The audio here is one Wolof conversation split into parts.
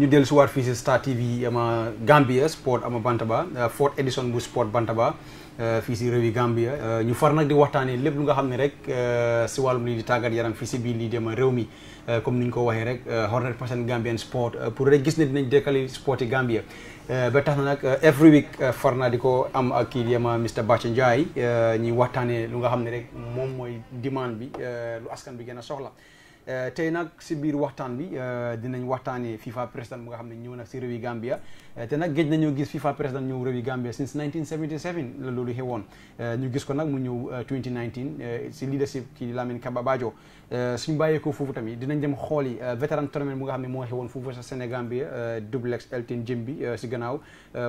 ñu dellu si waat fii si Star TV ama Gambia sport ama Bantaba euh, fourth edition bu sport Bantaba euh, fii si réewi Gambia euh, ñu far nag di waxtaanee lépp lu nga xam ne rek si wàllum lii di tàggat yaram fii si biir lii dema réew mi comme ni ñu ko waxee rek hundred percent Gambian sport pour rek gis ne dinañ dekkali sporti Gambia ba tax na nag every week far naa di ko am ak kii yema Mr Bathie Njie ñuy waxtaanee lu nga xam ne rek moom mooy demande bi lu askan bi gën a soxla Euh, tey nag si biir waxtaan bi euh, dinañ waxtaanee FIFA président bu nga xam ne ñëw nag si réewi Gambia euh, te nag géej nañoo gis FIFA président ñëw réewi Gambia since 1977 la loolu xewoon ñu gis ko nag mu ñëw 2019 si leadership kii Lamin Kaba Bajo suñu bàyyeekoo foofu tamit dinañ dem xooli vétéran tournament bu nga xam ne moo xewoon foofu sa Sénégal bi duplex Elton Jim bi si gannaaw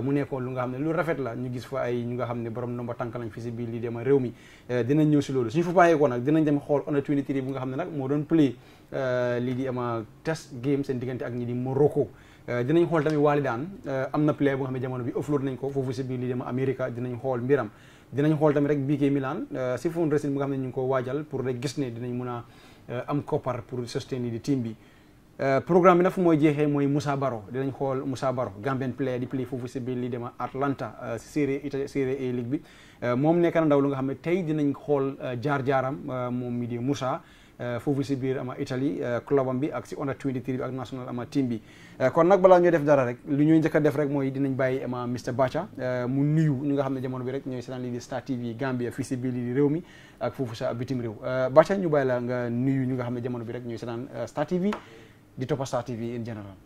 mu nekkoon lu nga xam ne lu rafet la ñu gis fa ay ñu nga xam ne borom nomba tànk lañ fi si biir lii dema réew mi dinañ ñëw si loolu suñu fa bàyyeekoo nag dinañ dem xool opportunité bu nga xam ne nag moo doon play Euh, lii di ama test game seen diggante ak ñi di Morocco euh, dinañ xool tamit waali daan euh, am na play boo xam ne jamono bi offload nañ ko foofu si biir lii di ama Amérique dinañ xool mbiram dinañ xool tamit rek BK Milan si fundraising bu nga xam ne ñu ngi ko waajal pour rek gis ne dinañ mun a am koppar pour soutenir di team bi programme bi nag fu mooy jeexee mooy Moussa Baro dinañ xool Moussa Baro Gambian player di play foofu si biir lii dema Atlanta série ita série A ligue moom nekk na ndaw lu nga xam ne tey dinañ xool jaar-jaaram moom mi di Eh, foofu si biir ama Italie eh, club am bi ak si under 23 bi ak national ama team bi eh, kon nag balaa ñuy def dara rek lu ñuy njëkk def rek mooy dinañ bàyyi ama Mr Bacha mu nuyu ñi nga xam ne jamono bi rek ñooy seetaan lii di Star TV Gambia fii si biir lii mi ak foofu sa bitim réew Bacha ñu bàyyi la nga nuyu ñi nga xam ne jamono bi rek ñooy seetaan Star TV di toppa Star TV in general.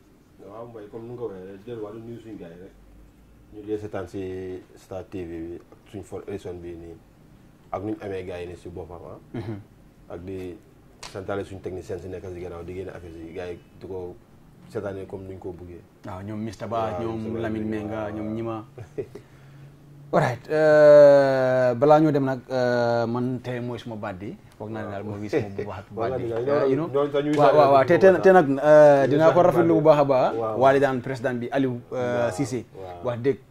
waaw Mbaye comme ni nga ko waxee delluwaat nuyu suñu gars yi rek ñu dee seetaan si Star TV bi ak suñu for émission bii nii ak nuñ amee gars nii si boppam ah. mm-hmm. ak di. santaale suñu technicien si nekk si gannaaw di génne affaire yi gars ko seetaanee comme nuñ ko buggee. waaw ñoom Mr Ba ñoom Lamine Menga ñoom ñima alright euh, balaa ñoo dem nag euh, man tee mooy suma baat di foog naa ne daal moo gis moom bu baax baat di waaw waaw te nag euh, dinaa ko rafetlu bu baax a baax waali daan président bi Aliou Cissé wax dëgg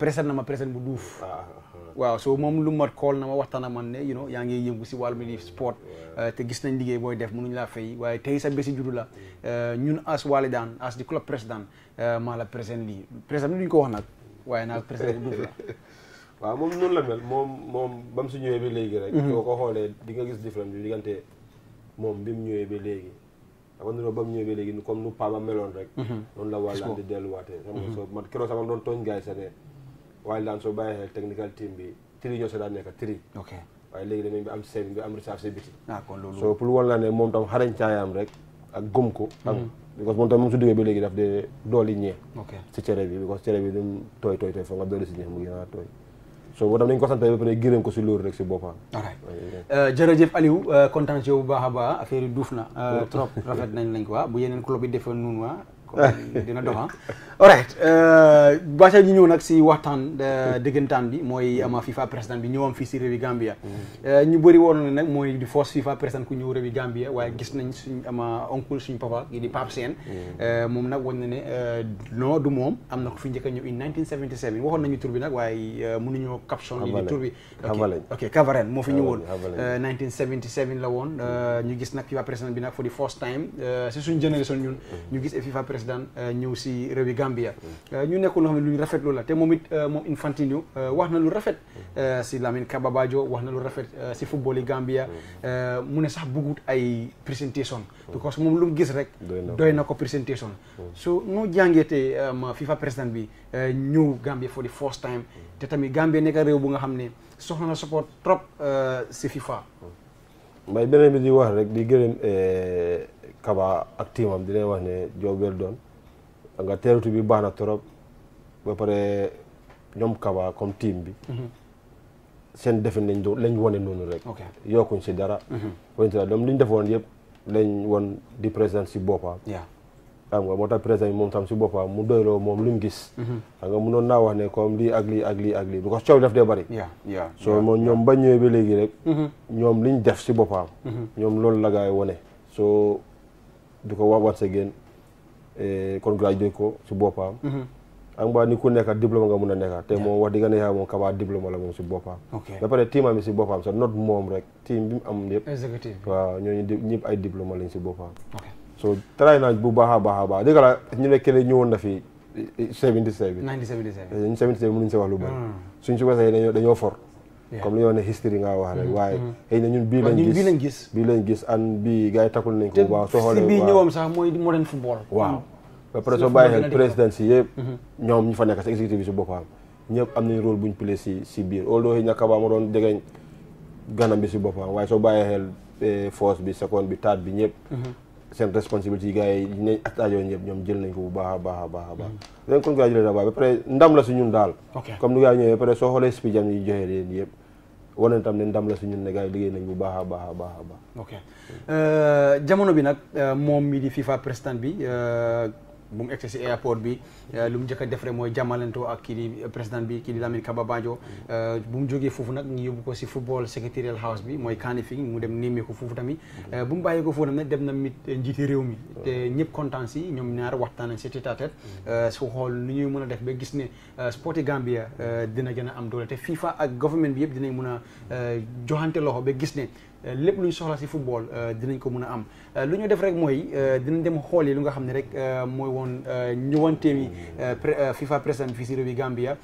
président na ma président bu duuf ah, ah, ah. waaw so moom lu mat call na ma waxtaan ak man ne you yaa ngi yëngu si wàllum ni sport euh, te gis nañ liggéey booy def mënuñu laa fay waaye tey sa bési juddu la euh, ñun as walidaan as di club président euh, maa la président lii président bi duñ ko wax nag waaye naa président Diouf la waaw moom noonu la mel moom moom ba mu ñëwee ba léegi rek boo mhm. ko xoolee di nga gis différence bi diggante moom bi mu ñëwee ba léegi dafa niroo ba mu ñëwee ba léegi comme nu paama meloon rek mhm. noonu la wàllaan di delluwaatee xam nga mhm. soo man waaye daan soo bàyyi xel technical team bi tri ñoo sa daan nekk tri ok waaye léegi danañ bi am seen bi am reserve si biti ah, so pour wal naa ne moom tam xarañ caayaam rek ak gëm ko ak hmm. because moom tam moom su duggee ba léegi daf de dooli ñee si cere bi because cere bi dum tooy tooy tooy nga dooli si ñee mu gën a tooy so boo tam nañ ko sant ba pare gërëm ko si loolu rek si boppam euh, jërëjëf Aliou euh, kontaan yow bu baax a baax affaire yi duuf na euh, oh. trop rafet nañ lañ ko waa bu yeneen club yi defoon dina dox ah. all right euh, bàcca ñëw nag si waxtaan euh, dëggantaan bi mooy mm. ama FIFA président bi ñëwam fii si réewi Gambia. Mm. Euh, ñu bari woon na mooy di force FIFA président ku ñëw réewi Gambia waaye gis nañ suñ ama oncle suñ papa yi di Pape Sène. Mm. moom nag wañ na ne non du moom am na ko fi njëkk a ñëw in 1977 waxoon nañu tur bi nag waaye mënuñoo caption yi di tur bi. ok Cavaren moo fi ñëwoon. 1977 la woon ñu gis nag FIFA président bi nag for the first time si suñ génération ñun ñu gis FIFA président président euh, ñëw si réewi Gambia euh, ñu nekkoon loo xam ne lu ñu rafetlu la te moom it euh, moom Infantino wax na lu rafet si Lamin Kababajo wax na lu rafet si football yi Gambia mu ne sax buggut ay présentation parce que moom lu mu gis rek doy na ko présentation hmm. so noo jàngee te FIFA président bi ñëw Gambia for the first time te tamit Gambia nekk réew bu nga xam ne soxla na support trop si FIFA hmm. mbay beneen bi di wax rek di gërëm Kaba ak tiimam di leen wax ne job wel doon nga teerutu bi baax na trop ba pare ñoom Kaba comme tiim bi. Mhm. seen defin lañ doon lañ wane noonu rek. yokkuñ si si dara mhm. donc li ñu defoon yëpp lañ won di président si boppam. xam nga moo tax président moom tam si boppam mu doyloo moom lu mu gis. Mhm. xam nga munoon naa wax ne comme lii ak lii ak lii ak lii because coow daf dee bari. soo moom ñoom ba ñëwee ba léegi rek. ñoom liñ def si boppam. ñoom loolu la gaay di ko wa once again congratulate ko si boppam am mhm. ba ni ku nekka diplôme nga mun a nekka te moom wax dëgg ne yaa moom kabaa diplôme la moom si boppam ba pare team am si boppam sax not moom rek team bi mu am yëpp waaw ñooñu ñëpp ay diplôme lañ si boppam so try naa bu baax a baax a baax dëgg la ñu ne kenn woon na fi 77 77 77 mënuñ si wax lu bari hmm. suñ si wasee dañoo for comme li ñoo ne history ngaa wax rek mm-hmm. waaye mm-hmm. xëy na ñun bii lañ gis bii lañ gis bii lañ gis an bii gaa yi takul nañ ko bu baax soo xoolee bii ñëwam sax mooy modern football waaw mm-hmm. ba pare xel président si yëpp ñoom ñu fa nekk si exécutif bi si boppam ñëpp am nañ rôle buñ play si si biir although xëy na Kaba ma doon jegeñ ganam bi si boppam waaye soo bàyyi xel eh, force bi seconde bi taat bi ñëpp seen responsabilité yi gars yi ne ak ajo ñëpp ñoom jël nañ ko bu baax a baax a baax a baax leen mm. congratulé na baax ba pare ndam la si ñun daal comme ni gars yi ñëwee ba pare soo xoolee speech na tam ne ndam baax a baax baax baax euh, bi euh, bu mu egsi si airport bi euh, lu mu njëkk a def rek mooy jàmmalantoo ak kii di président bi kii di Lamine Kaba Bajo euh, bu mu jógee foofu nag ñu yóbbu ko si football secretarial house bi mooy Kanifing mu dem niimee ko foofu tamit euh, bu mu bàyyee ko foofu nag dem na mit njiiti réew mi te ñëpp kontaan si ñoom ñaar waxtaan nañ si tête su xool nu ñuy mën a def ba gis ne sporti Gambia dina gën a am doole te FIFA ak government bi yëpp dinañ mën a joxante loxo ba gis ne Euh, lépp lu ñu soxla si football euh, dinañ ko mën a am euh, lu ñu def rek mooy dinañ dem xool yi lu nga xam ne rek mooy woon ñëwanteem yi FIFA président fii si réew yi Gambia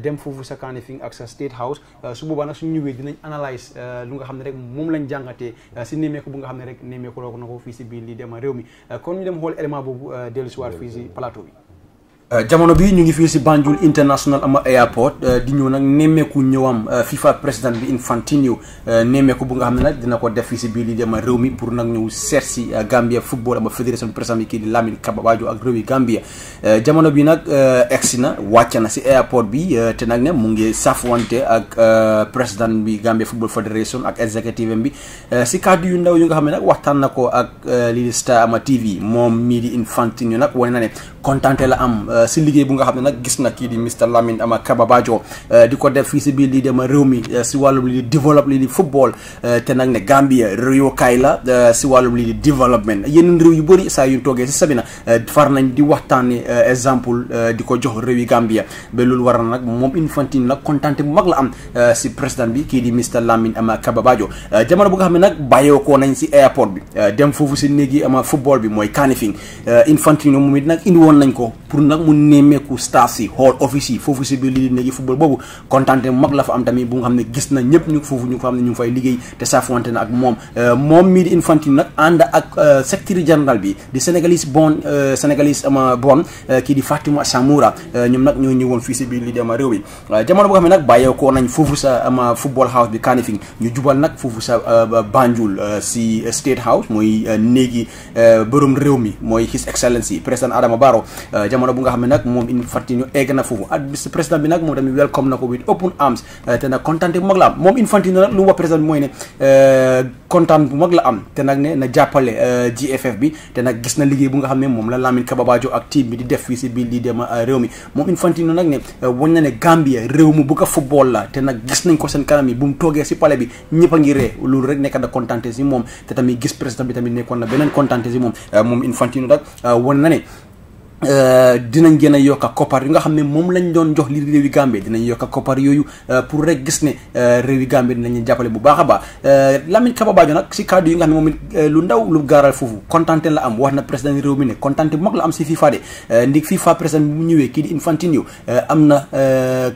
dem foofu sa Kanifing ak sa State House su boobaa nag suñu ñëwee dinañ analyse lu nga xam ne rek moom lañ jàngatee si néemeeku bu nga xam ne rek néemeeku loo na ko fii si biir lii dem réew mi kon ñu dem xool élément boobu dellu si waat fii si plateau bi Euh, jamono bi ñu ngi fii si Banjul International ama airport euh, di ñëw nag nemmeeku ñëwam euh, FIFA président bi Infantino nemmeeku bu nga xam ne nag dina ko def fii si biir lii di ama réew mi pour nag ñëw seet si Gambia football ama fédération président bi kii di Lamine Kaba Bajo ak réew yi Gambia jamono bi nag egsi na wàcc na si airport bi te nag ne mu ngi safwante ak président bi Gambia football fédération ak exécutive bi si kàddu yu ndaw yu nga xam ne nag waxtaan na ko ak lii di Star moom mii di Infantino nag wane na Euh, si liggéey bu nga xam ne nag gis na kii di Mr Lamine Kaba Bajo euh, di ko def fii si biir lii dama réew mi euh, si wàll lii di développe lii di te nag ne Gambia réewukaay la si wàllum lii di développement yeneen réew yu bëri saa yu toogee si Sabina far nañ di waxtaane exemple di ko jox réew yi Gambia ba loolu war nag moom Infantine nag kontante bu mag la am si président bi kii di Mr Lamine Kaba Bajo jamono bu xam ne nag bàyyeekoo nañ si airport bi dem foofu si néegi ama football bi mooy Kanifing Infantine moom it nag indi woon nañ ko pour nag mu nemmeeku stars yi hall office yi foofu si biir lii néegi football boobu kontante mag la fa am tamit bu nga xam ne gis na ñëpp ñu foofu ñu fa xam ne ñu ngi fay liggéey te saafowante na ak moom euh, moom mii di Infantino nag ànd ak euh, secrétaire général bi di sénégalais bon euh, sénégalais ama bon kii di Fatima Samoura ñoom nag ñoo ñëwoon fii si biir lii di ama réew mi jamono boo xam ne nag bàyyeekoo nañ foofu sa ama football house bi Kanifing ñu jubal nag foofu sa Banjul si state house mooy néegi borom réew mi mooy his excellence yi président Adama Barrow jamono bu nga xam nag moom in fatti ñu egg na foofu ak président bi nag moom tamit welcome na ko with open arms eh, te nag kontaan bu mag la am moom Infantino nag lu mu wax président bi mooy eh, kontaan bu mag la am te nag ne na jàppale eh, GFF bi te nag gis na liggéey bu nga xam ne moom la Lamin Kababajo ak team bi di def fii si biir lii dem réew mi moom Infantino nag ne wañ na ne Gambia réew mu bëgg a football la te nag gis nañ ko seen kanam yi bu mu toogee si palais bi ñëpp a ngi ree loolu rek nekk da kontaante si moom te tamit gis président bi tamit nekkoon na beneen kontaante si moom moom Infantino nag wan na ne Euh, dinañ gën a yokk koppar yu nga xam ne moom lañ doon jox li réewi Gambie dinañ yokk koppar yooyu euh, pour rek gis ne euh, réewi Gambie dinañ leen jàppale bu baax a baax Lamin Kaba Bajo nag si kàddu yi nga xam ne moom lu ndaw lu gaaral foofu kontante la am wax na président réew mi ne kontante bu mag la am si FIFA de ndig FIFA président bu ñëwee kii di Infantino am na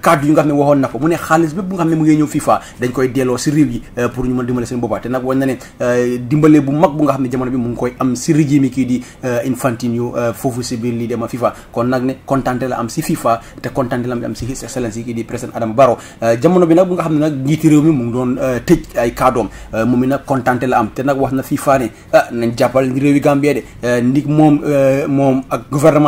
kàddu yu nga xam ne waxoon na ko mu ne xaalis bépp bu nga xam ne mu ngi ñëw FIFA dañ koy delloo si réew yi pour ñu mën dimbale seen boppam te nag ne dimbale bu mag bu nga xam ne jamono bi ngi koy am si régime kii di Infantino foofu si biir dema FIFA kon nag ne kontante la am si FIFA te kontante la am si His Excellency kii di euh, jamono bi nag bu xam ne nag njiiti mi mu doon euh, tëj ay kaadoom euh, moom it nag kontante na FIFA ne ah,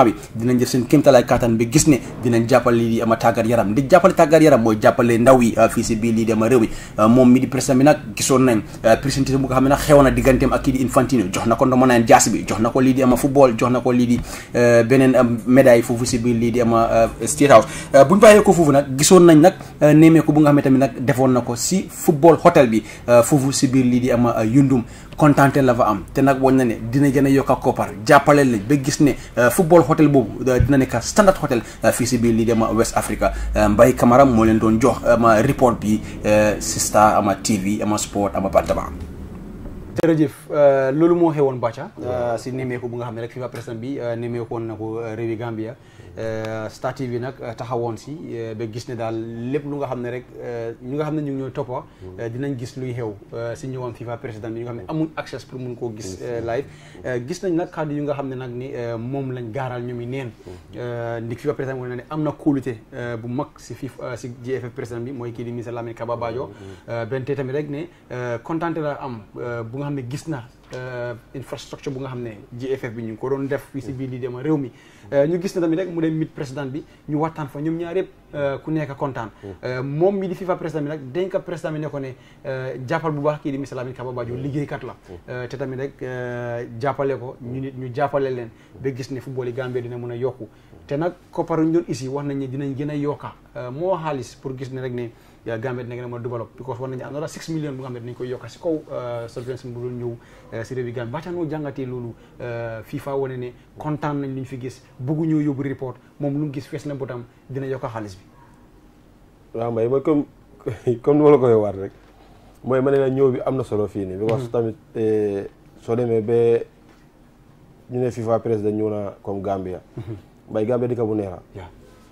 bi dinañ def seen kéemtalaay kattan bi gis di ama tàggat yaram ndig jàppale tàggat yaram mooy yi fii si biir lii di ama na digganteem ak kii di jox na ko ndomanaan jaas bi jox na ko lii di ama football jox na ko lii di beneen euh, médaille foofu si biir lii di ama euh, State House euh, bu ñu bàyyee ko foofu nag gisoon nañ nag néemeeku bu nga xam ne tamit nag defoon na ko si football hotel bi foofu si biir lii di ama yundum kontante la fa am te nag woon na ne dina gën a yokk a koppar jàppale la ba gis ne football hotel boobu dina nekk standard hotel fii si biir lii di ama West Africa Mbay Kamara moo leen doon jox ama report bi si Star ama TV ama sport ama Bantaba jërëjëf euh, loolu moo xewoon Bathia euh, si nemmeeku bu nga xam ne rek FIFA presse bi euh, nemmeeku woon na ko réewi Gambia Euh, Star TV nag euh, taxawoon si euh, ba gis ne daal lépp lu nga xam ne rek ñu nga xam ne ñu ngi ñooy toppa mm-hmm. dinañ gis luy xew si ñëwam FIFA président bi ñu nga xam ne amul accès pour mun koo gis live gis nañ nag kàddu yu nga xam ne nag ni moom lañ gaaral ñoom yi neen mm-hmm. ndik FIFA président wane na ne am na kóolute bu mag si FIFA si GFF président bi mooy kii di ministre Lamine Kaba Bajo mm-hmm. benn tey rek ne kontaan la am bu nga xam ne gis na Euh, infrastructure bu nga xam ne GFF bi ñu ko doon def fii si biir lii dema réew mi euh, ñu gis ne tamit rek mu dem mit président bi ñu waxtaan fa ñoom ñaar yëpp euh, ku nekk kontaan mm. moom mi di FIFA président bi nag dañ ko président bi ne ko ne jàppal bu baax kii di Mr Lamin Kaba liggéey kat la mm. te tamit rek jàppale ko ñu nit ñu jàppale leen ba gis ne football yi Gambie dina mun a yokku te nag kopparuñ doon isi wax nañ ne dinañ gën a yokka moo xaalis pour gis ne rek ne yaa Gambie dina gën a mën a développe because war nañu another six million bu nga euh, euh, Gambie loolu euh, FIFA wane ne kontaan nañ li ñu fi gis bëggu ñoo yóbbu report moom lu gis fees na botam dina yokka xaalis bi waaw mbay mooy comme comme ni rek mooy ma ne la ñëw bi am na solo fii nii because hmm. tamit eh, soo demee ba ñu ne FIFA président ñëw na comme Gambia hmm. mbay Gambia dëkk bu neexa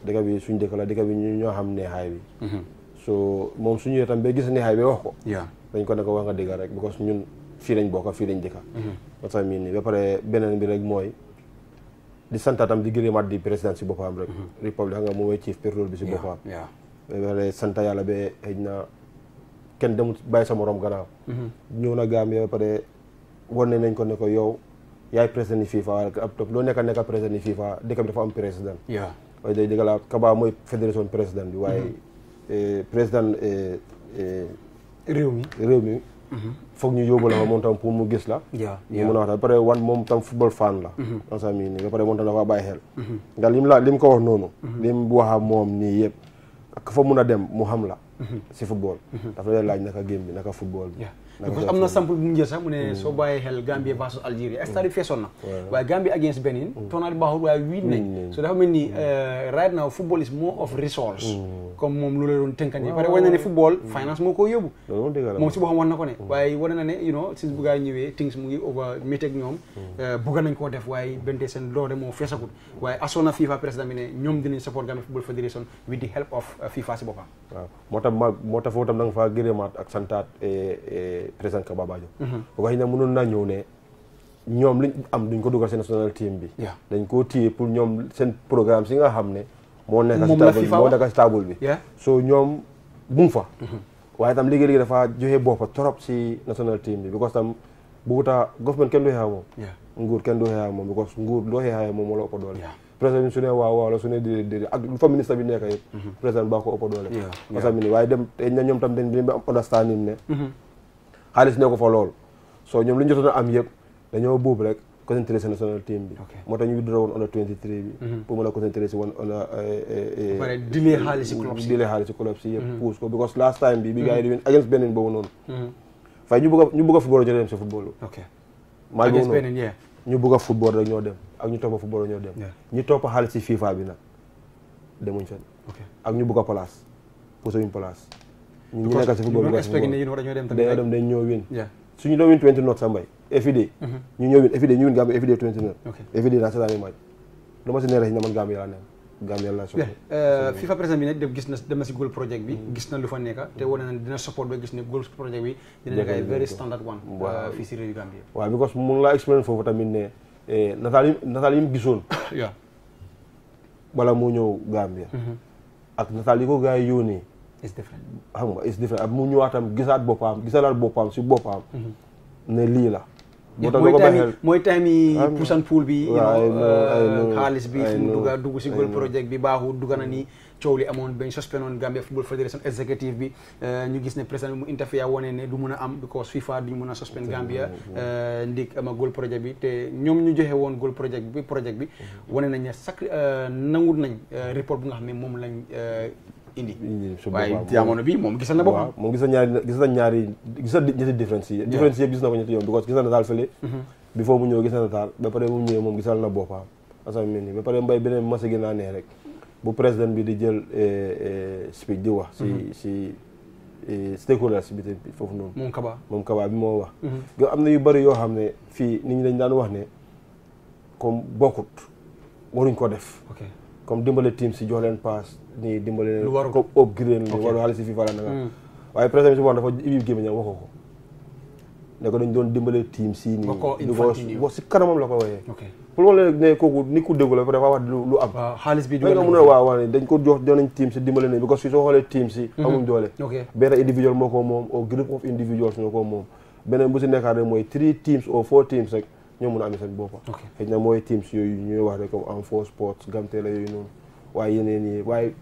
dëkk bi suñ dëkk la dëkk bi ñu ñoo xam neexaay bi hmm. so moom su ñëwee tam ba gis neexaay ba wax ko. dañ ko ne ko wax nga dëgg rek because ñun fii lañ bokk fii lañ dëkka. parce que miin ba pare beneen di santaatam di di président si boppam rek. Mm-hmm. république nga moom mooy chief période bi si ba pare sant yàlla ba xëy na kenn sa morom gannaaw. Mm-hmm. na Gambie ba pare wane ko ne ko yow yaay président ni loo nekka nekka président ni FIFA dëkk bi dafa président. mooy fédération président bi waaye. Mm-hmm. E, président e, e, réew mi réew mi mhm. foog ñu yóbbu la fa moom tam pour mu gis la ñu mën a wax ba pare wan moom tam football fan la mhm. ba pare moom tam dafa bàyyi xel mhm. ndax lim la lim ko wax noonu lim waxa moom nii yëpp ak fa mun a dem mu xam la Mhm. si football. Mhm. dafa lay laaj naka game bi naka football bi. because am na sample bu mu njël sax mu ne mhm. soo bàyyee xel Gambie versus Algérie stade bi feesoon na waaye Gambie against Benin tournoi baaxul waaye wiin nañ so dafa mel ni euh, right now football is more of resource comme moom loolu la doon tënkan parce que wane na ne football finance moo ko yóbbu moom si boppam waaye wane na ne since bu ñëwee things mu ngi over métti ak ñoom euh, bëgg tam ma moo tafoo tam nanga fa gërëmaat ak santaat eh, eh, président Kaba Badio bu ko xëy na mënoon naa ñëw ne ñoom liñ am duñ ko dugal seen national team bi dañ koo téye pour ñoom seen programme si nga xam ne moo nekk si table moo nekk si table bi so ñoom mhm. bu fa government kenn du xeex moom nguur kenn du xeex moom because nguur loo xeexee moom moo la ëpp doole président su ne waaw waaw la su ne déedéet déedéet ak lu fa ministre bi nekk yëpp mhm. président baa ko ëpp doole waaye dem na ñoom tam dañ dañ am understanding ne mhm. xaalis ne fa lool soo ñoom li ñu jotoon a am yëpp dañoo buub rek concentré national team bi moo tax ñu dara woon on a 23 bi mhm. pour mën a concentré si woon eh, eh, eh, a dilee bi bi gars yi di noonu fay ñu bëgg a ñu bëgg a football jotee dem si football match boobu noonu ñu bëgg a football rek ñoo dem ak ñu topp football rek ñoo dem. ñu topp xaalis ci FIFA bi nag demuñ fenn. ak ñu bëgg a place posé wuñ place. ñu nekkal si football bi parce a dem dañ ñoo win. suñu doon win 20 notes sa mbay. FID. Mm-hmm. ñu ñëw win FID ñu win Gambie FID 20 notes. ok FID daa seetaani match lu ma si neexee si ne man Gambie laa nekk. Gambian national uh, FIFA président bi ne def gis na dem na si goal project bi gis na lu fa nekka te wane na dina support ba gis ne goal project bi dina nekk very standard one uh, fii si réew Gambie waaw because mun laa explain foofu tamit ne nataal yi nataal yi mu gisoon waaw bala moo ñëw Gambia mm-hmm. ak nataal yi ko gars yi yónnee it's different xam nga it's different ak gisaat boppam gisalaat boppam si boppam mm-hmm. ne lii la mooy time mooy time yi ah, push and pull bi you uh, know xaalis bi fu dugga dugg si goal project bi baaxul dugga na nii coow li amoon bañ suspendoon Gambia Football Federation executive bi uh, ñu gis ne président bi mu interfere wone ne du mun a am because FIFA duñu mun a suspend Gambia uh, ndig ama goal project bi te ñoom ñu joxe woon goal project bi project bi mm-hmm. wane nañ ne sacré nangut nañ report bu nga xam moom lañ indi. waaye jamono bi moom gisal na boppam. moom gis na ñaari gis na ñaari gis na ñetti différence yi. différence yi gis na ko ñetti yoon because gis na nataal fële. Mm-hmm. bi mu ñëw gis nataal ba pare mu ñëwee moom gisal na boppam. asan mel ni ba pare mbay beneen mas a gën a neex rek bu président bi di jël eh, eh, speech di wax. si mm-hmm. si eh, stakeholders bi te foofu noonu. moom Kaba moom Kaba bi moo wax. nga mm-hmm. am na yu bëri yoo xam ne fii nit ñi dañ daan wax ne comme bokkut waruñ ko def. comme dimbale team si jox leen paas nii dimbale leen. lu warul ko upgrade leen. Hmm. wax ko. ne ko dañ doon dimbale team si nii. di si kanamam la ko wooyee. ni ku déglu dafa wax xaalis bi dugal a waaw waaw dañ ko jox jox nañ team si dimbale nañ parce que soo xoolee team si. Hmm. amuñ doole. ok benn individual moo ko moom au group of individuals ñoo ko moom benn bu si nekkaat mooy three teams or four teams rek. ñoo mun a amee seen bopp. ok xëy na mooy teams yooyu ñuy wax rek comme Amfo Sports Gamtela yooyu noonu waaye yeneen yi waaye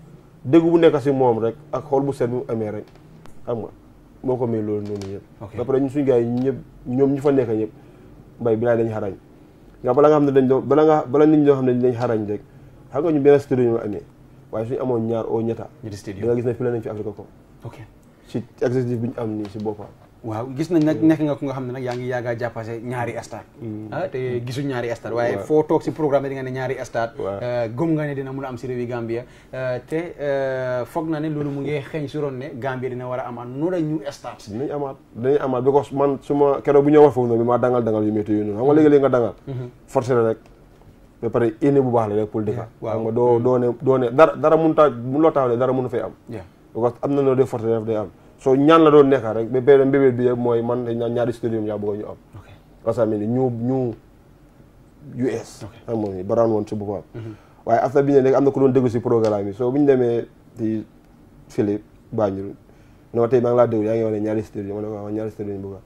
dëgg bu nekk si moom rek ak xool bu set bu amee rek xam nga moo ko may loolu noonu yëpp. ok ba pare ñun suñu gars yi ñëpp ñoom ñu fa nekk ñëpp mbay bi laay dañ xarañ nga bala nga xam ne dañ doon bala nga bala nit ñi xam ne dañ xarañ rek xam nga ñu benn studio ñu amee waaye suñu amoon ñaar oo ñetta. ñu di studio da nga gis ne fii la nañ fi Africa ko. ok si exécutif bi ñu am nii si boppa waaw gis nañ nag hmm. nekk nga ku nga xam ne nag yaa ngi yaagaa jàppase ñaari stade hmm. ah te gisuñ ñaari stade waaye foo toog si programme di nga ne ñaari stade euh, gëm nga ne dina mun a am si réewi Gambia euh, te euh, foog na ne loolu mu ngi xeeñ suroon ne Gambia dina war a amaat nu la ñu stade dinañ amaat dinañ amaat because man suma keroog bu ñëw wax foofu noonu maa dangal dangal yu métti yooyu noonu xam nga léegi-léegi nga dangal hmm. forcé rek ba pare indi bu baax la rek pour dëkk nga doo doo doo ne dara dara taa loo taxaw dara mun fay am because am na noo dee forcé am so ñaan la doon nekka rek ba période mbébét bi yëpp mooy man dañ ñaari stadium yaa bëgg ñu am. ok parce que ñu ñu US. ok xam nga baraan woon si mhm. waaye after bi ñu ne am na ko doon déglu si programme yi so bu ñu demee di Philippe Banjul ne ma na laa déglu yaa ngi wax ne ñaari stadium ma ne ko waaw ñaari stadium a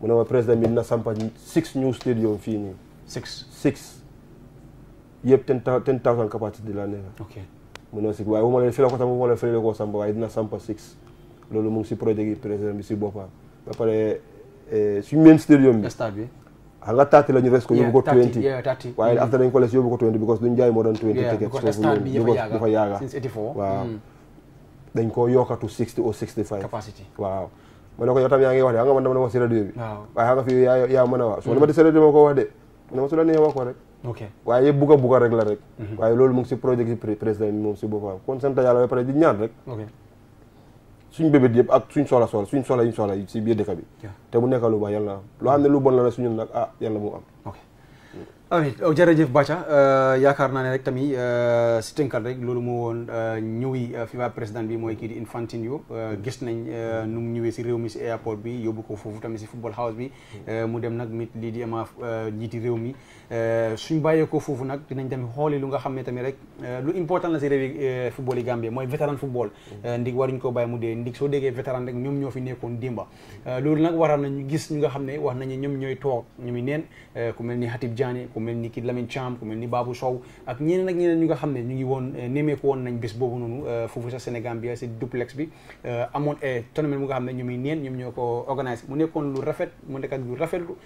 mu ne ma président bi dina sampa six new stadium fii nii. six six yëpp ten ten thousand capacité la nekk. ok mu ne ma waaye bu la ko samp bu ma leen fële la ko samp waaye dina sampa six. loolu mu si projet yi président bi si boppam. ba pare eh, suñu main stadium bi. stade bi. xam nga ko yóbbu ko 20 tati waaye mm-hmm. after because duñ jaay moo doon 20 tickets foofu noonu dafa yaaga waaw mm. dañ koo yokkatu 60 au 65 capacity waaw ma ne ko yaa ngi wax de xam nga man dama wax si radio bi waaye xam nga yaa yaa a wax mm. su ma mm-hmm. si radio bi moom si boppam kon sant yàlla ba pare di ñaan rek suñ bébét yëpp ak suñ soxla soxla suñ soxla yuñ soxla si biir dëkk bi te mu nekk lu baax yàlla loo xam ne lu bon la suñu nag ah yàlla mu am ok amit oh, jërëjëf Bacha euh, yaakaar naa ne rek tamit euh, si tënkal rek loolu moo woon euh, ñëwi FIFA président bi mooy kii di Infantino gis nañ nu mu ñëwee si réew mi si airport bi yóbbu ko foofu tamit si football house bi mm. mu dem nag mi lii di ama njiiti réew mi Euh, suñ bàyyeekoo foofu nag dinañ dem xooli lu nga xam ne tamit rek euh, lu important la si réewi euh, football yi Gambie mooy vétéran football ndig waruñ ko bàyyi mu dee ndig soo déggee vétéran rek ñoom ñoo fi nekkoon dimba loolu nag waral nañu gis ñu nga xam ne wax nañu ñoom ñooy toog ñu muy neen ku mel ni Hatib Diané ku mel ni Kid Lamine Cham ku mel ni Sow ak ñeneen ak ñeneen ñu nga xam ne ñu ngi woon nemeeku woon nañ bés boobu noonu foofu sa Sénégal bi si duplex bi amoon eh, tournament mu nga xam ne ñu muy ñoom ñoo ko organise mu nekkoon lu rafet mu nekkat lu rafetlu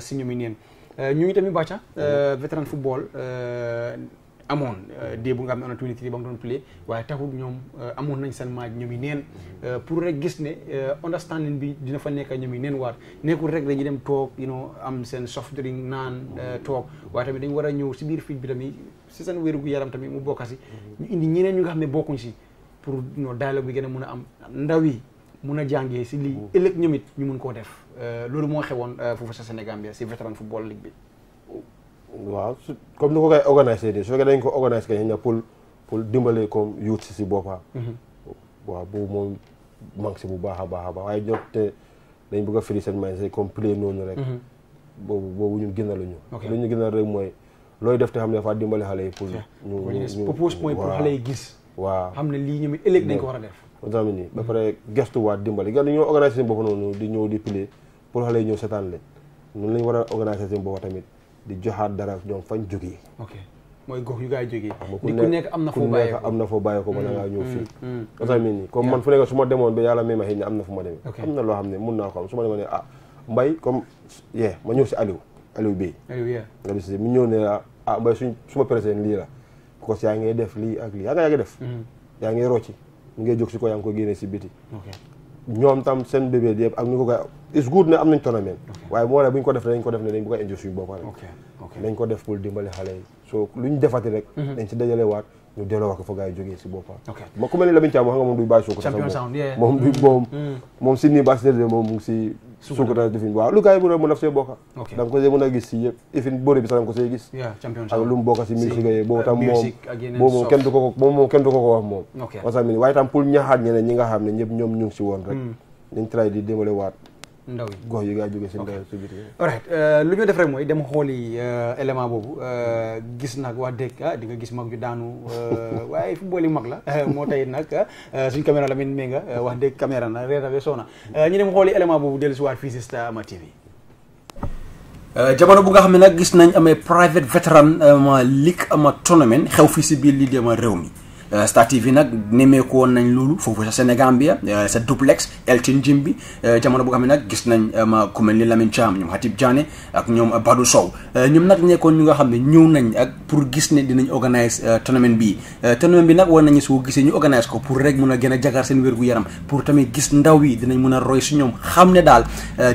si ñu muy neen Euh, ñu ngi tamit Bacha euh, vétéran football euh, amoon démb nga xam ne on a tuuti ba mu doon play waaye taxul ñoom amoon nañ seen maaj ñoom yi neen mm-hmm. pour rek gis ne understanding bi dina fa nekk ñoom yi neen waat nekkul rek dañuy dem toog you know am seen soft naan mm-hmm. toog waaye tamit dañ war a ñëw si biir fii bi tamit si seen wér yaram tamit mu bokk si mm-hmm. ñu indi ñeneen ñu nga xam ne bokkuñ si pour dialogue bi gën a mun a am ndaw yi. mun a jàngee si lii ëllëg ñoom it ñu mun koo def euh, loolu moo xewoon euh, foofu sa Sénégal bi si Veteran Football League bi. waaw comme ni ko koy organisé de su fekkee dañ ko organisé kay ña pour pour dimbale comme youth si si boppam. Mhm. waaw boobu moom manque bu baax a baax a baax waaye jot te dañ bëgg a firi seen main comme play noonu rek. Mhm. boobu boobu ñun gënal ñu. ok li ñu gënal rek mooy looy def te xam ne dafa dimbale xale yi pour. ñu ñu propose point pour xale yi gis. waaw a exemple nii ba pare gestuwaat dimbali gars dañoo organiser seen bopp noonu di ñëw di play pour xale yi ñëw seetaan leen noonu lañ a organiser seen tamit di joxaat dara ñoom fañ jógee ok mooy gox yu gaay jógee di ku nekk am na foo bàyyee ko am na foo ko bala ngaa ñëw mm, mm, mm, comme man fu nekk su ma demoon ba yàlla may ma xëy ne am na fu ma demee am na loo xam ne mun naa ko am su ma demoon ne ah mbay ma ñëw si Aliou Aliou Bey nga bis mu ñëw ne la ah, ah mbay suñ su ma présent lii la parce yaa ngi def lii ak lii yaa nga yaa ngi def yaa ngi ngay ci mu ngay jóg si ko yaa ngi ko génnee si biti ñoom tam seen bébé yëpp ak ñu ko koy is good ne am nañ tournament waaye moo ne bu ñu ko def dañ ko def ne dañ bëgg a indi suñu ko def pour dimbali xale yi soo lu ñu defati rek dañ mhm. si dajale waat ñu delloo wax ko fa jógee si boppam ku mel ni Lamine Thiam moom duy bàyyi suuko moom moom mhm. moom si nii bâsidé moom mu ngi si sukuta defin waaw lu kaay mën a mën a see bokka da nga ko see mën a gis si yëpp ifin bëri bi sax da ko see gis ak bokka si musique yooyu boobu tam uh, moom boobu moom kenn du ko ko wax moom waaye tam pour ñaxaat ñeneen ñi nga xam ne ñëpp ñoom ñu ngi si woon rek hmm. nañ try di démbale waat ndaw yi gox yi nga jógee si ndaw si biir right euh, lu ñu def rek mooy dem xooli euh, élément boobu euh, gis nag wax dëgg ah di nga gis mag ju daanu waaye football booli mag la moo tey nag suñ caméra la min mi nga wax dëgg caméra na reetawe soona ñu dem xooli élément boobu dellu si waat fii si Starma TV jamono bu nga xam ne nag gis nañ amee private veteran ama league ama tournament xew fii si biir lii dema réew mi Euh, Star TV nag nemmeeku woon nañ loolu foofu sa Sénégambia euh, sa duplex Elton bi euh, jamono boo xam ne nag gis nañ ma ku mel ni Lamine Thiam ñoom Hatib Diané ak ñoom Badou Sow ñoom nag nekkoon ñu nga xam ne ñëw nañ ak pour gis ne dinañ organise tournament bii tournament bi nag war nañu soo gisee ñu organise ko pour rek mun a gën a jagar seen gu yaram pour tamit gis ndaw yi dinañ mun a roy si ñoom xam ne daal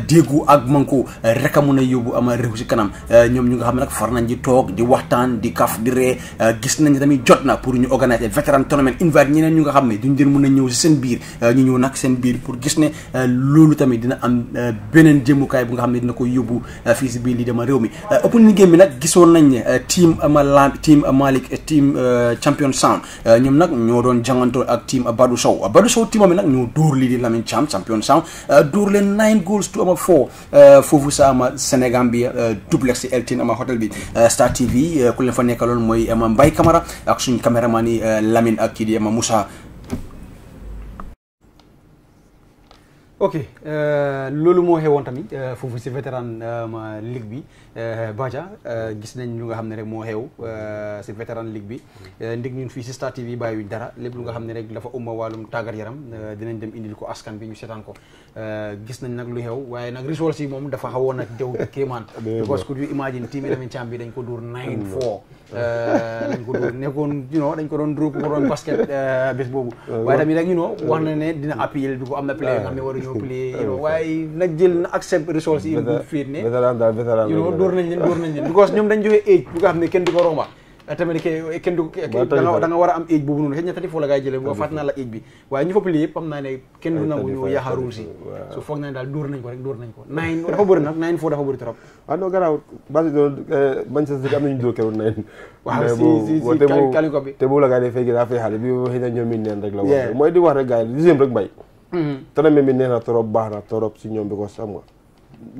déggu ak manko rek mun a yóbbu ama réew si kanam ñoom ñu nga xam ne nag far nañ di toog di waxtaan di kaf di ree gis nañ tamit jot na pour ñu organise vétéran phénomène invite ñeneen ñu nga xam ne duñ leen mën a ñëw si seen biir euh, ñu ñëw nag seen biir pour gis ne euh, loolu tamit dina am euh, beneen jëmukaay bu nga xam ne dina ko yóbbu fii si biir lii dama réew mi opening game bi nag gisoon nañ ne team Malam team Malick team champion sound ñoom nag ñoo doon jàngantoo ak team Badou Sow Badou Sow team am nag ñoo dóor lii di Lamine Cham champion sound dóor leen nine goals to ama four foofu sa ama Sénégambia duplex si LTN ama hôtel bi Star TV ku leen fa nekkaloon mooy ama Mbaye Camara ak suñ caméraman yi Lamine ak kii di Moussa ok euh, loolu moo xewoon tamit euh, foofu si vétéran euh, ligue bi Badja gis nañ lu xam ne rek moo xew si vétéran ligue bi ndig ñun fii si Star TV bàyyiwuñ dara lépp lu nga xam ne rek dafa umma wàllum tàggat yaram dinañ dem indil ko askan bi ñu seetaan ko gis nañ nag lu xew waaye nag résource yi moom dafa xawoon nag dew kéemaan because could you imagine team Lamine Thiam dañ ko dóor nine four dañ ko dóor nekkoon you ko doon dóor ko doon basket bés boobu waaye tamit rek you wax na ne dina mm. appeal bi ko know play you know waaye nag jël na accept resource yi good faith ne you know dóor nañ leen dóor nañ leen because ñoom dañ joxe age bu nga xam ne kenn du ko romba tamit kenn du da nga war a am age boobu noonu xëy na tati foo la gaay jëlee bu fàtt naa la age bi waaye ñu fa play yëpp xam naa ne kenn du nangu ñu yaxaarul si so foog naa ne daal dóor nañ ko rek dóor nañ ko nine dafa bëri nag nine foo dafa bëri trop waaw ah, non garaaw basi doon eh, Manchester City am nañu dóor keroog nine waaw si si si kaliko bi te boobu la gaay yi Mm-hmm. train bi neex na trop baax na trop si ñoom bi ko xam nga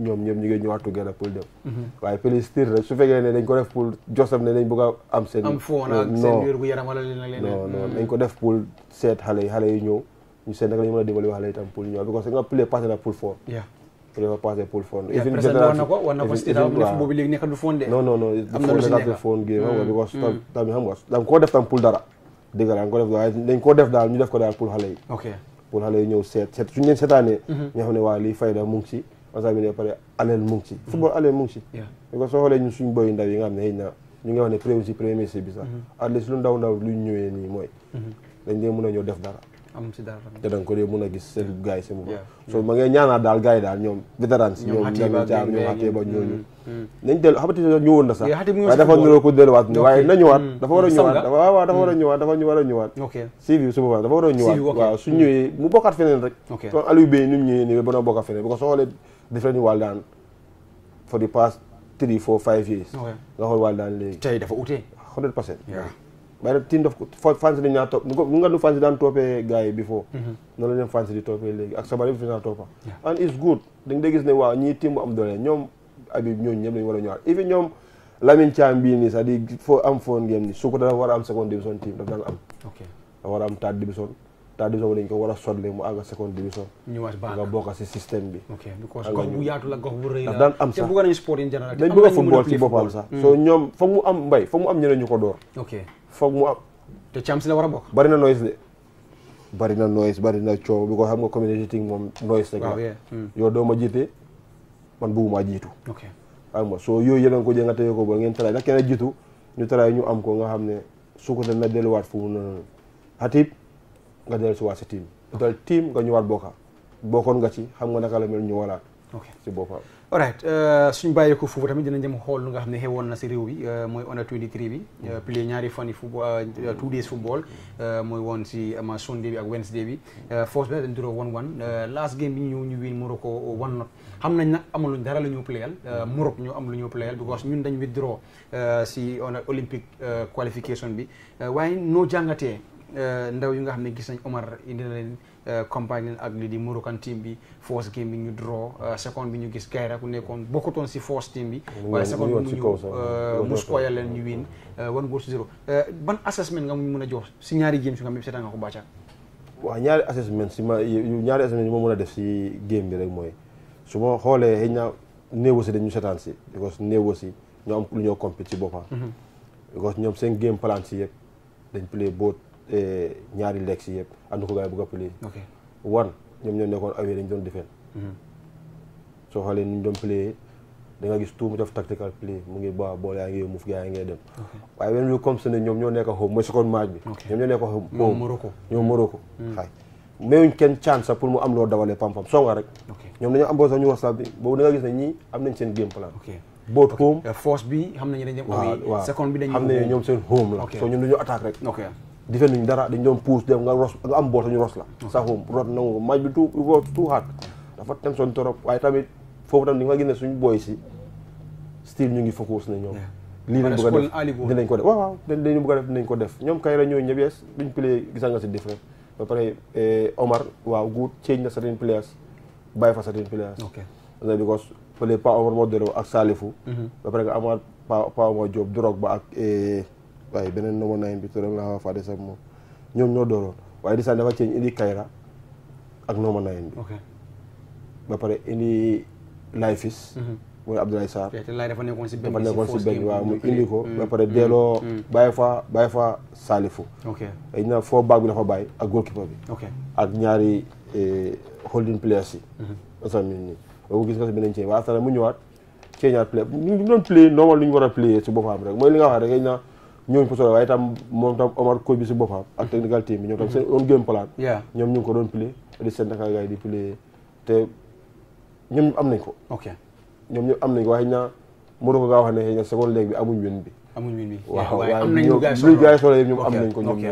ñoom ñëpp ñu ngi ñëwaat together pour dem mm-hmm. waaye police tir rek su fekkee ne dañ ko def pour josam a mm-hmm. xale yi xale yi ñëw ñu seet nag la ñu mën a dimbali xale yi tam pour ñëw de because tamit xam nga da nga koo def tam pour dara dëgg la nga ko def daal ñu def ko daal pour xale yi pour xale yi ñëw seet seet suñu seetaanee mhm. ñoo xam ne waa lii fayda mu ngi ci masa bi ne pare aleel mu ngi football aleel mu ngi ci ñu mhm. ko soo xoolee ñun suñu ndaw yi nga xam ne xëy na ñu ngi wax ne prévu si premier si bi sax mhm. at least lu ndaw ndaw luñ ñëwee nii mooy dañ dee mën a ñëw def dara am si dara te da nga ko dee mën a gis seen gars yi seen ma ngay ñaanaa daal gars yi daal ñoom vétérans si ñoom ñoom caar ñoom xatee ba ñooñu mm, mm, mm. nañ dellu xamati ñëwoon na sax waaye dafa niroo ko delluwaat ni na ñëwaat dafa war a ñëwaat dafa war a ñëwaat dafa a ñëwaat suivi su boobaa dafa war a ñëwaat waaw su ñëwee mu bokkaat feneen rek kon Aliou Bey ni mu nii ba na feneen bu ko soxalee different wàll daan for the past three four five years nga xool wàll daan léegi ɓayde tin def fansi ɗe ña top ɗum gandu fansi dan toppe gaay before mhm. noonu la leen fansi di toppe léegi ak sabari fi na toppa and am doole a ñëwaat even war a am seconde division team daf daan am dafa war a am third dañ ko war a sotle am sax so ñoom fa mu am mbay fa mu am ñeneen ñu ko door foog mu am. te Thiam si la war a bokk. bari na noise de bari na noise bari na coow bi ko xam nga communauté moom noise rek la. Hmm. yow doo ma jiite man bëgguma jiitu. ok xam nga soo yooyu yéen ko jël nga tëye ko ba ngeen taraay nag kenn jiitu ñu taraay ñu am ko nga xam ne su ko na delluwaat fu mu ne xatib nga dellusiwaat si team. dal nga ñëwaat bokka bokkoon nga ci xam nga naka la mel ñu walaat. si boppam. suñ euh, suñu bàyyeeko foofu tamit dinañ dem xool lu nga xam ne xewoon na si réew euh, bi mooy on a 23 bi play ñaari fan yi football euh, mm-hmm. two days football mm-hmm. mooy woon si ama Sunday bi ak Wednesday bi first bi dañ duroo one one last game bi ñu ñu win Morocco one not xam nañ nag amaluñ dara la ñu playal mm-hmm. Morocco ñu am lu ñu playal because ñun dañ withdraw si on a Olympic qualification bi waaye noo jàngatee ndaw yi nga xam ne gis nañ Omar indi na Euh, combine ak li di Moroccan team bi first game bi ñu draw euh, second bi ñu gis Kayra ku nekkoon bokkutoon si first team bi waaye second bi mu ñu euh, mu scorer leen ñu mu mën a jox si ñaari game si nga xam si ma ñaari assessment a def si game bi rek mooy su ma xoolee xëy na néew si dañu seetaan si because néew si ñoo am lu ñoo compete si boppam mhm. because ñoom seen game plan si yëpp dañ play both Eh, ñaari legs yëpp ànd ko gars yi bu ko ok wan ñoom ñoo nekkoon awee dañ doon defeen mhm. soo xoolee ni ñu doon play da nga gis tout mu def tactical play mu ngi ba bool yaa waaye wenn lu comme ñoo nekk home mooy second match bi ñoom ñoo nekk home ñoom Morocco ñoom Morocco mhm. xay kenn chance sax pour mu am loo dawalee pam-pam songa rek ñoom dañoo am boo sax ñu wax boobu da gis ne ñii am nañ seen game plan both home force bi xam nañu dañ dem away second bi dañ ne ñoom seen home la soo ñun du ñu attaque rek defenuñ dara dañ doon puus dem nga ros nga am boota ñu ros la saxum rot nangu maaj bi tout tout xaat dafa tem soon torop waaye tamit foofu tamit ni nga gis ne suñu booy si style ñu ngi focus na ñoom lii lañ bëgg a def dinañ ko def waaw waaw dañu bëgg ko def ñoom kay ra ñooñu ñëpp yees duñ play gis nga si different ba pare eh, Omar waaw guut change na certain players bàyyi fa certain players na because play Pa Omar moo delloo ak Salifou mm-hmm. ba pare nga amaat Pa Omar Diop Drogba ak eh, waaye beneen numéro 9 bi turam laa fàtte sax moom ñoom ñoo dooroon waaye di sax dafa ceeñ indi Kayra ak numéro 9 bi. ok ba pare indi Layfis. Mhm. mooy Abdoulaye Sarr. te Lay dafa nekkoon si benn si dafa nekkoon si benn waaw mu indi ko. Mm. ba pare delloo. Mm. Mm. bàyyi fa bàyyi fa Salifou. ok foo baag bi la ak goalkeeper bi. ak ñaari eh, holding yi. asan mhm. nga si beneen ceeñ waaye after mu ñëwaat ceeñaat play ñu doon play lu ñu war a play si boppam mooy li nga wax rek ñooñu ko solo waaye tam moom tam Omar coach bi si boppam ak technical team bi ñoom tam mm-hmm. seen own game plan ñoom ñu ngi ko doon play di seen naka gars yi di play te ñoom ñëpp am nañ ko ñoom ñu am nañ ko waaye naa mënu ko ngaa wax ne xëy na seconde leg bi amuñ win bi amuñ win win waaw waaye am nañ lu gaay solo lu gaay solo am nañ ko ñoom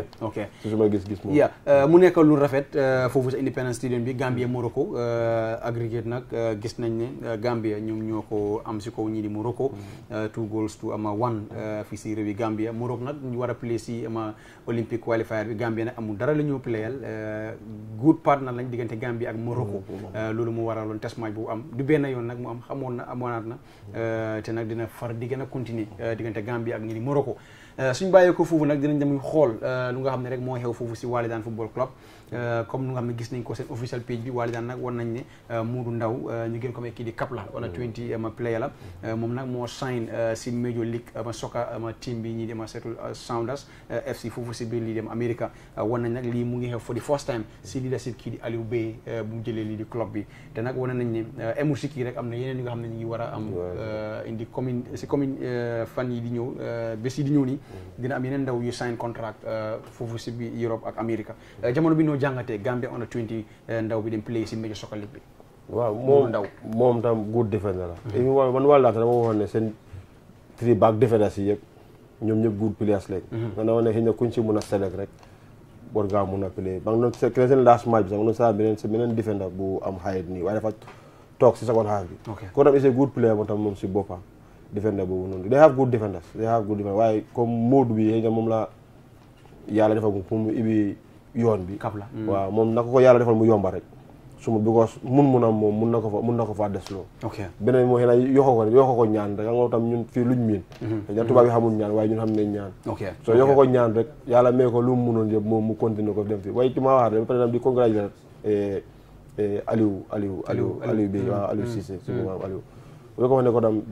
euh, mu nekk lu rafet euh, foofu sa Independence Stadium bi Gambie Morocco euh, aggregate nag gis nañ ne Gambie ñoom ñoo ko am si kaw ñii di Morocco mm-hmm. two goals to ama one fii si réew yi Gambie Morocco nag ñu war a play si ama Olympic qualifier bi Gambie nag amul dara la ñu playal good partner lañ diggante Gambie ak Morocco mm-hmm, mm-hmm. loolu mu waraloon test match bu am du benn yoon nag mu am xamoon na amoonaat na te nag dina far a continuer Gambie ak ñi di Morocco euh, suñ bàyyee ko foofu nag dinañ dem xool euh, lu nga xam ne rek moo xew foofu si Walidan Football Club Euh, comme nu nga xam ne gis nañ ko seen official page bi waali daan nag war nañ ne euh, Moodu Ndaw euh, ñu gën ko may di Kap la wala 20 mm. ma player la moom nag moo sign si major league ma soccer ma team bi ñi dema seetul Sounders FC foofu si biir lii dem Amérique war nañ nag lii mu ngi xew for the first time si kii di Aliou Bey bu mu jëlee lii di club bi te nag war nañ ne emu si kii rek am na yeneen ñi nga xam ne ñu ngi war a am indi commune si commune fan yi di ñëw bés yi di ñëw nii mm. dina am yeneen ndaw yu sign contract foofu si biir Europe ak Amérique jàngatee Gambia on a 20 ndaw bi dem play si major soccer league bi. waaw moom ndaw moom tam good defender la. li mu wax man wàllu laata dama waxoon ne seen three back defenders yi yëpp ñoom ñëpp good players lañ. nga ne ma ne xëy na kuñ si mun a select rek war ngaa mun a play ba nga doon seen seen last match bi sax nga doon saa beneen beneen defender bu am height si second half bi. kon tam is a good player moom tam moom si boppam. defender boobu noonu they have good defenders they have good defenders waaye comme mode bi xëy yoon bi waaw mm. moom naka ko yàlla defal mu yomba rek suma because mun mun am moom mun na ko fa mun na ko faa desloo beneen mooy xëy na yokk ko ko ñaan rek nga tam ñun fii luñ miin mm-hmm. ñaan tubaab yi xamul ñaan waaye ñun xam mu ko dem fii waaye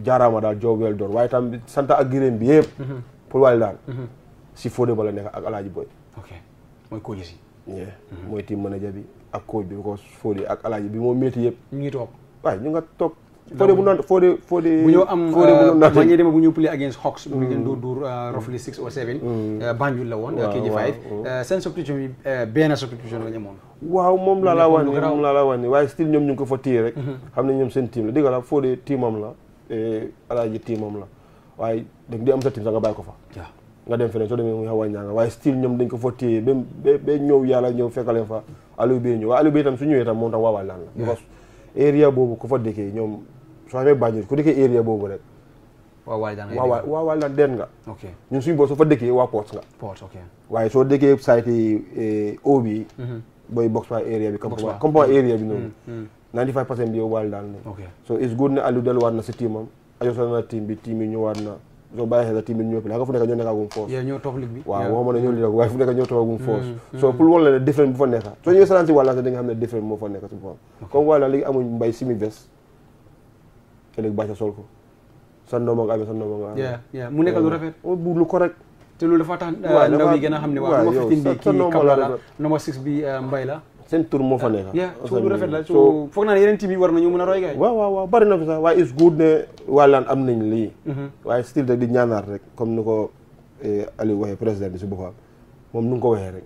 jaaraama daal job wel doon waaye tam sant ak gërëm bi yëpp mm-hmm. pour wàllu daal mm-hmm. si Fodé Balla nekk ak Alaaji Boy mooy coach yi mhm. mooy team manager bi ak coach bi ko Fodé ak alaaji bi moo métti yëpp ñu ngi toog waaw ñu nga toog Fodé bu noon Fodé Fodé bu ñu am bu ñu euh, play against mm. euh, mm. euh, la woon KG five seen substitution bi benn substitution la ñu amoon waaw moom laa laa wan moom laa laa wan waaye still ñoom ñu ngi ko fa téye rek mm-hmm. xam ne ñoom seen team la dëgg la Fodé teamam la alaaji teamam la waaye dag di am sa team sax nga bàyyi ko fa nga dem feneen soo demee muy xaw a ñaanga waaye style ñoom dañ ko fa téye ba ba ñëw yàlla ñëw fekkaleen fa Aliou Bey ñëw waaye Aliou Bey itam su ñëwee itam moom tam waawaa laan la because area boobu ku fa dëkkee ñoom soo xamee Banjul ku dëkkee area boobu rek waaw waaw lan den nga ñun suñu boo soo fa dëkkee waa port nga waaye soo dëkkee site eh, o bi mm-hmm. booy box pa area bi compound area bi noonu 95 mm-hmm. mm-hmm. percent bi yow waal daan la so it's good ne Aliou delluwaat bi tiim yi ñëwaat na soo bàyyi xel team bi ñoo ëpp fu nekk ñoo nekkagum force ñoo toog lig force mm, mm. so pour wala ne différence bu fa nekk soo ñëwee salaan si wàllante da nga xam ne différence moo fa nekk si boppam comme wàlla léegi amuñ mbay simi vest ëllëg bàyyi sa sol ko sa ndooma nga amee sa ndooma nga amee mu nekk lu rafet bu lu correct te loolu dafa tax ndaw yi gën a xam ne waaw number fifteen bi kii Kaba la number six bi uh, Mbay la seen tur moo fa ah, nekk. waaw soo lu rafet la soo foog naa ne yeneen team yi war nañu mën a roy gaay. waaw waaw waaw bari na fi sax waaye is good ne waalaan am nañ lii. Mhm. waaye still rek di ñaanaat rek comme nu ko eh, Aliou waxee président bi si boppam moom nu nga ko waxee rek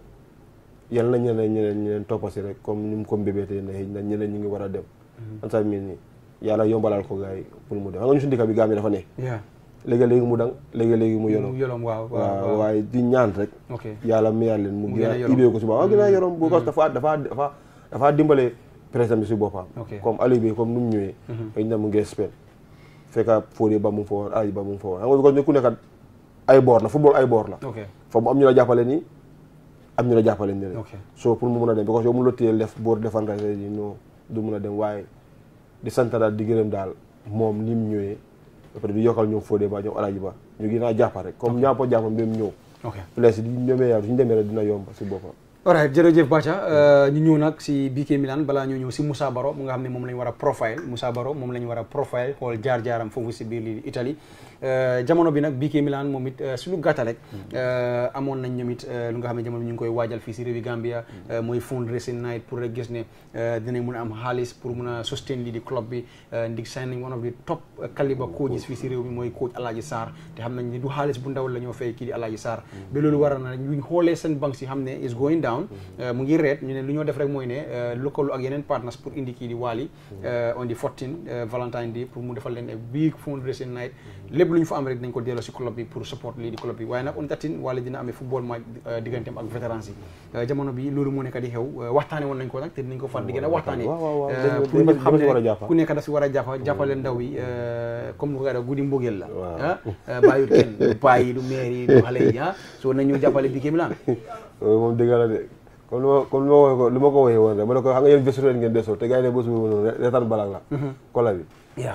yal na ñeneen ñeneen ñeneen si rek comme ni mu ko mbébétee ne xëy na ñeneen ñu ngi war a dem. an sa miin nii yàlla yombalal ko gaay pour mu dem xam nga ñu suñu dëkk bi gaa mi dafa ne. léegi-léegi mu dang léegi-léegi mu yolom yolom waaw waaw waaye di ñaan rek yàlla miyaat leen mu gën a ibee ko si baax waaw gën a yolom bu parce que dafa dafa dafa dafaa dimbale président bi si boppam comme Aliou bi comme nu mu ñëwee mm-hmm. dañ na mu ngi Spain fekka Fodé ba mu fa woon Aladji ba mu fa woon xam nga parce que ku nekkat ay boor la football ay boor la fa mu am ñu la jàppale nii am ñu la jàppale nii rek so pour mu mun a dem parce que yow mu la téye def boor defan rek non du mun a dem waaye di sant daal di gërëm daal moom ni mu ñëwee après di yokkal ñoom Fodé Ba ñoom Alaaji Ba ñu ngi naa jàppa rek comme ñaa po jàppam dem ñëw ok place yi ñoomee yaa suñu demee rek dina yomb si boppam alright jërëjëf Bacha euh, ñu ñëw nag si BK Milan balaa ñu ñëw si Moussa Baro mu nga xam ne moom la ñu war a profile Moussa Baro moom la ñu war a profile xool jaar-jaaram foofu si biir Italie Euh, jamono bi nag BK Milan moom it euh, su lu gàtta rek euh, amoon nañ ñoom it lu nga xam ne jamono bi ñu ngi koy waajal fii si réewi Gambia mooy fundraising night pour rek gis ne dinañ mun a am xaalis pour mun a sustain lii di club bi ndig sign nañ one of the top calibre coaches fii si réew bi mooy coach Alaaji Sarr te xam nañ ni du xaalis bu ndaw la ñoo fay kii di Alaaji Sarr ba loolu waral na ñu xoolee seen banque si xam ne is going down mu ngi reet ñu ne lu ñoo def rek mooy ne lëkkaloo ak yeneen partners pour indi kii di Wally on the 14 Valentine pour mu defal leen a big fundraising night lépp lépp lu ñu fa am rek dinañ ko delloo si club bi pour support lii di club bi waaye nag on tatin wala dina amee football match digganteem ak vétérans yi jamono bi loolu moo nekk di xew waxtaane woon nañ ko far di gën a a yi comme ni ko gaa la ah bàyyut kenn du bàyyi du yi du xale la moom dëgg la de comme ko lu ma ko retaan balag la kola bi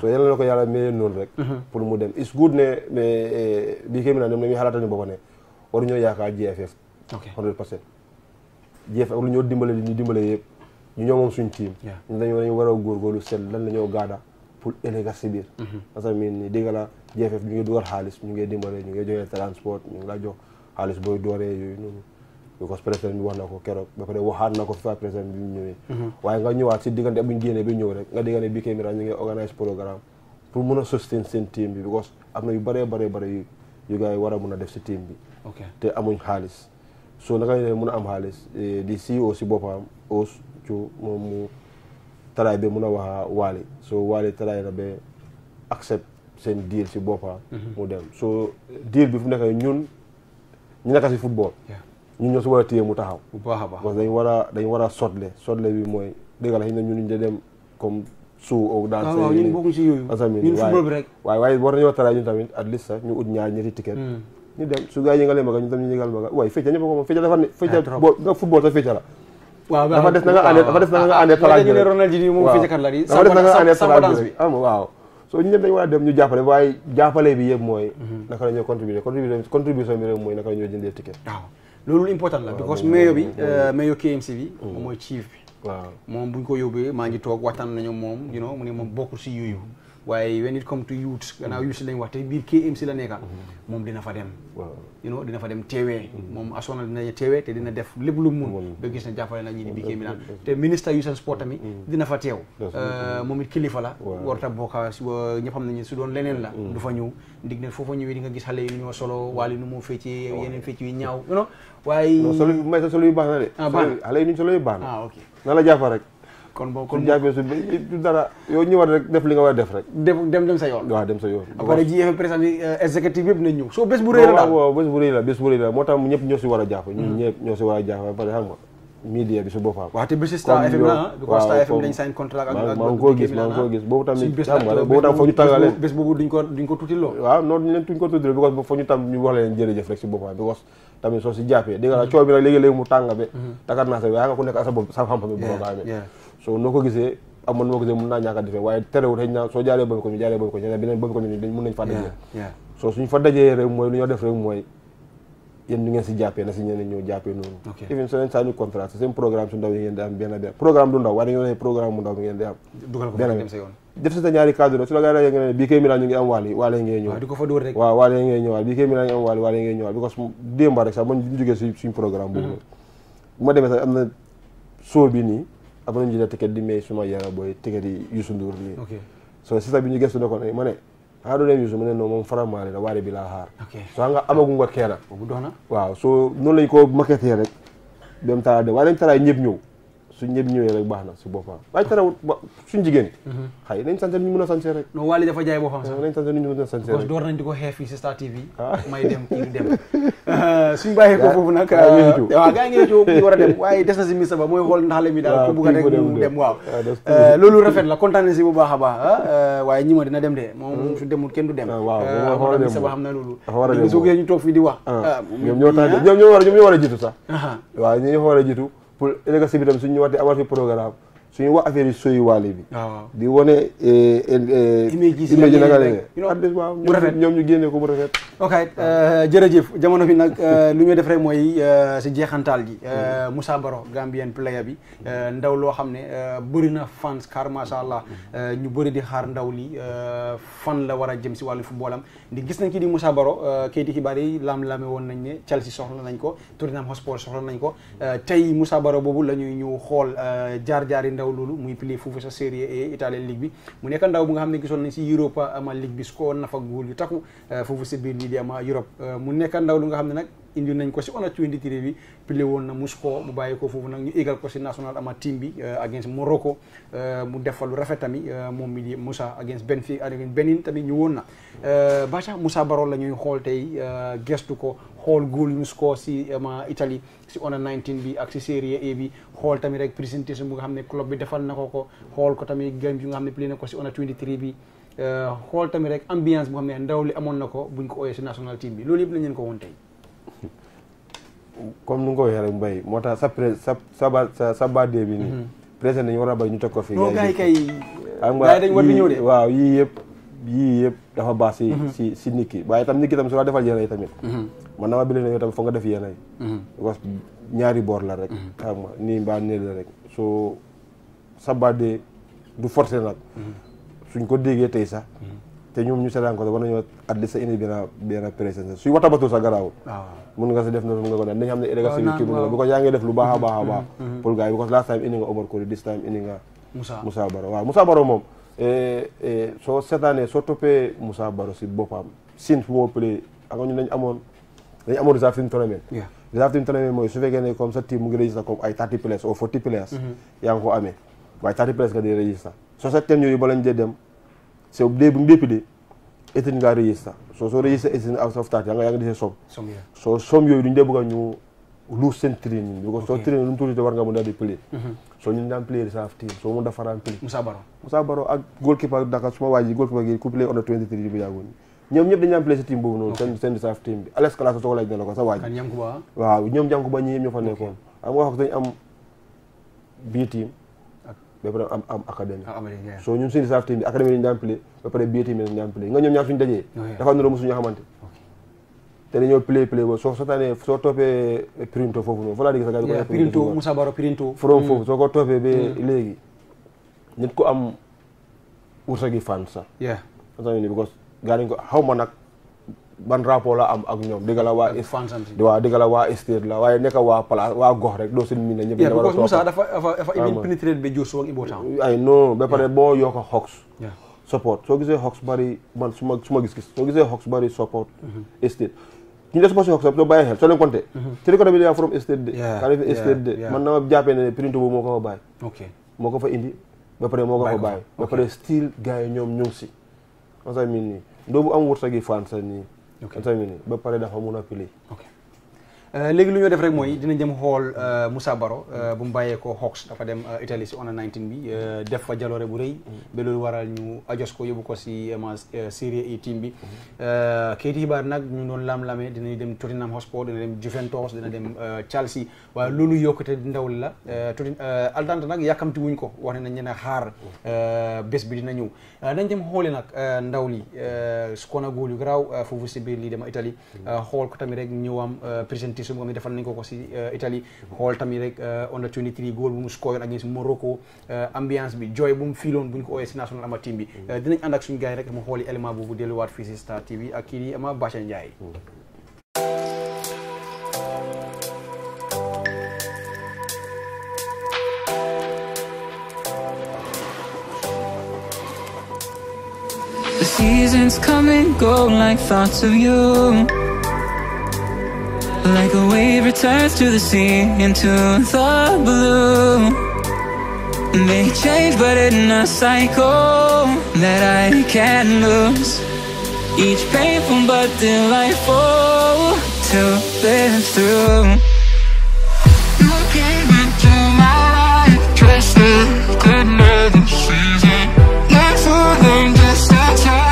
so yàlla na ko yàlla mayee noonu rek mm-hmm. pour mu dem it's good ne mais eh, bii kay mi naa ñoom la ñuy xalaata ñu boppa ne waru ñoo yaakaar GFF GFF lu ñoo dimbale li ñu dimbale yëpp ñu ñoo moom suñ team ñu dañoo dañu war a góorgóorlu seet lan la ñoo gaada pour ëllëg si biir mm-hmm. parce que miin ni dégg la GFF ñu ngi dugal xaalis ñu ngi dimbale ñu ngi joxe transport ñu ngi la jox xaalis booy dooree yooyu noonu because président bi wax na ko keroog ba pare waxaat na ko fi président bi mu ñëwee mhm. waaye nga ñëwaat si diggante buñ génnee bi ñëw rek nga diggante bi Camera ñu ngi organise programme pour mun a sustain seen team bi because am na yu bëree bëree bëri yu yu gars yi war a mun a def si team bi te amuñ xaalis so naka ne mun a am xaalis eh, di e si boppam aus co moom mu a si football ñu ñoo si war a téye mu taxaw. bu baax a baax parce que dañ war a dañ war a sotle sotle bi mooy dëgg la xëy na ñun ñu dem comme suu o daan ah, waaw ñun bokkuñ waaye waaye war na ñu a ñu jàppale bi yëpp mooy hmm. naka la ñoo contribuer contribution rek mooy naka la ñoo jëndee ticket loolu important la because mayo bi euh, mayo KMC bi mm. moom mooy chief bi moom buñ ko yóbbee maa ngi toog waxtaan nañu moom you know mu ne moom bokkul si yooyu waaye when it come to youth gannaaw mm. youth lañ wax te biir KMC la nekka mm-hmm. moom dina fa dem you know dina fa dem teewee mm-hmm. moom asona dina teewee te dina def lépp lu mun ba gis na jàppale na ñi di biir Milan te ministre youth and sport tamit mm-hmm. dina fa teew euh, moom it kilifa la warta bokka ñëpp xam nañu si doon leneen la du fa ñëw ndig ne foofa ñëwee di nga gis xale yi nu ñoo solo waali nu moo fecci yeneen fecc yu ñaaw you waaye non solo may sa solo yu baax na de. ah baax xale yi ñu solo yu baax na. ah ok na la jaafa rek. kon boobu kon jaafee su du dara yow ñëwaat rek def li nga war a def rek. dem dem sa yoon. waaw dem sa yoon. après ji président bi euh, exécutif yëpp nañ ñëw. soo bés bu rëy la bés bu rëy la moo tax ñëpp ñoo si war a jaafa. ñun hmm. ñëpp ñoo si war a jaafa ba pare xam media bi su boppam. waaw te bési Star Star FM dañ ah. si si jàppee. dégg nga mm-hmm. coow nag léegi-léegi mu tàng be. Mm-hmm. takar naa sa bopp soo noo ko gisee. amoon moo gisee mun naa ñàkk a waaye terewul na soo jaaree boobu ko ñu jaaree boobu ko ñu beneen boobu ko ñu mën nañ fa dajee soo suñ fa dajee rek mooy lu ñoo def rek mooy yéen ñu ngeen si jàppee na si ñeneen ñoo jàppee noonu even soo leen saa ñu contrat seen programme su ndaw yi ngeen di am benn benn programme du ndaw waaye ngeen di am benn def si sa ñaari cadre su la gars bii kay Milan ngi am waale waale ngeen ñëw bii kay Milan ñu am waale waale ngeen ñëwaat rek sax man jógee suñ programme boobu mm-hmm. ma demee sax am na soo bi nii am nañu si sax bi ñu gëstu ko ne ma ne ha ɗo nen yuso minen no moom faran maale ɗa waade bila haar so hanga amagum wa keena waaw so noonu lañ ko maquette rek dem tara de waawi nañ tara ñëpp ñëw su ñëpp ñëwee rek baax na si boppam waaye terewul ba suñ jigéen mhm. xëy nañ sant ñu mën a sansee rek non Wally dafa jaay boppam a sansee rek door nañ di ko xeef fii si Star TV ah. may dem kii dem suñ bàyyee ko foofu nag ah, waaw ngi ci a mi daal ku bugg rek mu dem ah, euh, la kontaan na bu baax a baax euh, waaye ñi ma dina dem de moom hmm. su demul kenn du dem waaw euh, Mister na loolu soo gisee ñu toog fii di wax ñoom war a ñoom ñoo a jiitu sax waaw ñoo war a jiitu pour ëllëg si bi tam suñu ñëwaatee amal fi programme suñu wax affaire yi soyu waale bi. Ah. di wane. Eh, eh, eh, image yi naka la ñu rafet ñoom ñu génne ko bu rafet. ok ah. euh, jërëjëf jamono bi nag euh, lu muy def rek mooy euh, si jeexantaal ji. Mm-hmm. Moussa Baro Gambien player bi. ndaw loo xam ne bëri na fans car macha allah mm-hmm. ñu bëri di xaar ndaw li fan la war a jëm si wàllu footballam di gis nañ ki di Moussa Baro kayiti xibaar yi lam-lame woon nañ ne Chelsea soxla nañ ko Tottenham Hotspur soxla nañ ko tey Moussa Baro boobu lañuy ñëw xool jaar jaari ndaw raw loolu muy play foofu sa série Italian League bi mu nekk ndaw bu nga xam ne gisoon nañ si Europa ama League bi score na fa góol yu takku eh, foofu si biir lii di ama Europe eh, mu nekk ndaw lu nga xam ne nag indi nañ ko si on a 23 bi pile woon na mus ko mu bàyyi ko foofu nag ñu égal ko si national ama team bi euh, against Morocco euh, mu defal lu rafet tamit euh, moom mi di Moussa against Benfica against Benin tamit ñu woon na Bacha Moussa Barrow la ñuy xool tey gestu ko xool góol ñu score si ma Italie si on a 19 bi ak si bi xool tamit rek présentation bu nga xam ne club bi defal na ko ko xool ko tamit game bi nga xam ne play na ko si on a bi xool tamit rek ambiance bu xam ne ndaw li amoon na ko buñ ko ooyee si national team bi loolu yëpp la ñu ko woon comme nu nga ko waxee rek mbay moo tax sa pré sa sa sa baadé bi nii. Mhm. président dañu war a bay ñu teg ko fii. non gars yi waaw yii yëpp yii yëpp dafa baax si mhm. si si nit ki itam nit ki tam su defal yenn yi tamit mhm. man dama tam foog nga def yenn ñaari boor la rek xam nga nii mbaa nii la rek soo sa baadé du forcé nag suñ ko déggee tey sax te ñoom ñu seetaan ko war nañoo at least sa indi benn benn président suy watabatu sa garaawul ah, mun nga si def noonu nga ko daan dañu xam ne irrigation bi kii la because yaa ngi def lu baax a mm-hmm. baax a baax mm-hmm. Mm-hmm. pour gars yi because last time indi nga Omar Colley this time indi nga Moussa Moussa Baro waaw Moussa Baro moom eh, eh, soo seetaanee soo toppee Moussa Baro si boppam sin fu moo play ak ñu dañ amoon dañ amoon reserve team tournament reserve team tournament mooy su fekkee ne comme sa team mu ngi registré comme ay thirty players ou forty players yaa ngi ko amee waaye thirty players nga di registré soo sa team yooyu ba lañ dee dem so dee bu ñu déppi de étude nga registré soo soo registré éssin aw saf taat yaa nga yaa nga gisee soom soo soom yooyu duñu dee bëgg a ñu luus seen training because soo training lu mu tuuti war nga mun daal di play mm-hmm. soo ñu daan play reserve team soo yi bu yàggoon ñoom ñëpp dañu play si team boobu noonu seen seen reserve team bi Alex Kalasa soo ko laaj ne la sa waa waaw ñoom jànku ba fa nekkoon am nga wax dañu am bii team ba pare am am académie so ñun suñu staff team bi académie lañu daan play ba pare bi lañu daan nga ñoom ñaar suñu dajee oh, dafa am na musuñu xamante te dañoo play play boobu soo soo taanee soo toppee Pirinto foofu noonu fa laa dégg sa gars bi ko Pirinto Moussa Baro Pirinto from mm. foofu soo ko toppee ba mm. léegi nit ku am wursa gi fan sax parce que parce que gars ko xaw ma nag ban rapport la am ak ñoom digga la waa waaw digga la waa state la waaye nekk waa place waa gox rek doo seen miin na ñëpp parce que Moussa dafa dafa even ba pare boo yokk Hawks support soo gisee Hawks bari man su ma su ma gis-gis soo gisee Hawks bari support state ñu def supporté Hawks soo bàyyi xel soo leen compté teri mm-hmm. ko bi yaa from state de kaa def man na ma jàppee ne print boobu moo ko fa bàyyi ok moo ko fa indi ba pare moo ko fa bàyyi ba pare style gars ñoom ñu si ansa miin nii ndoobu am wërsëgi fan sa nii tamit ba pare dafa mun a pili euh, léegi lu ñoo def rek mooy dina dinañ dem xool euh, Moussa Baro euh, bu mu bàyyee ko Hawks dafa dem Italie si under 19 bi def fa jaloore bu rëy mm-hmm. ba loolu waral ñu ajos ko yóbbu ko si ma Serie A team bi mm-hmm. kayiti xibaar nag ñu doon lam-lamee dinañ dem Tottenham Hotspur dina dem Juventus dina dem Chelsea waaye loolu yokkute ndaw la Tottenham Atalanta nag yàkkamti wuñ ko wax ne nañ leen a xaar mm-hmm. bés bi dina ñëw Euh, dañ dem xooli nag euh, ndaw li Skona euh, góol yu garaaw foofu si biir lii dama Italie mm-hmm. xool ko tamit rek ñëwam présentation bu nga xam ne defal nañ ko ko si Italie mm-hmm. xool tamit rek under 23 góol bu mu scoyoon against Morocco ambiance bi joy bu mu fiiloon bu ñu ko ooyee si national ama team bi mm-hmm. dinañ ànd ak suñu gars yi rek mu xooli élément boobu delluwaat fii si Star TV ak kii di ama Seasons come and go like thoughts of you Like a wave returns to the sea into the blue May change but in a cycle that I can't lose Each painful but delightful to live through You came into my life dressed in goodness season Nothing just a time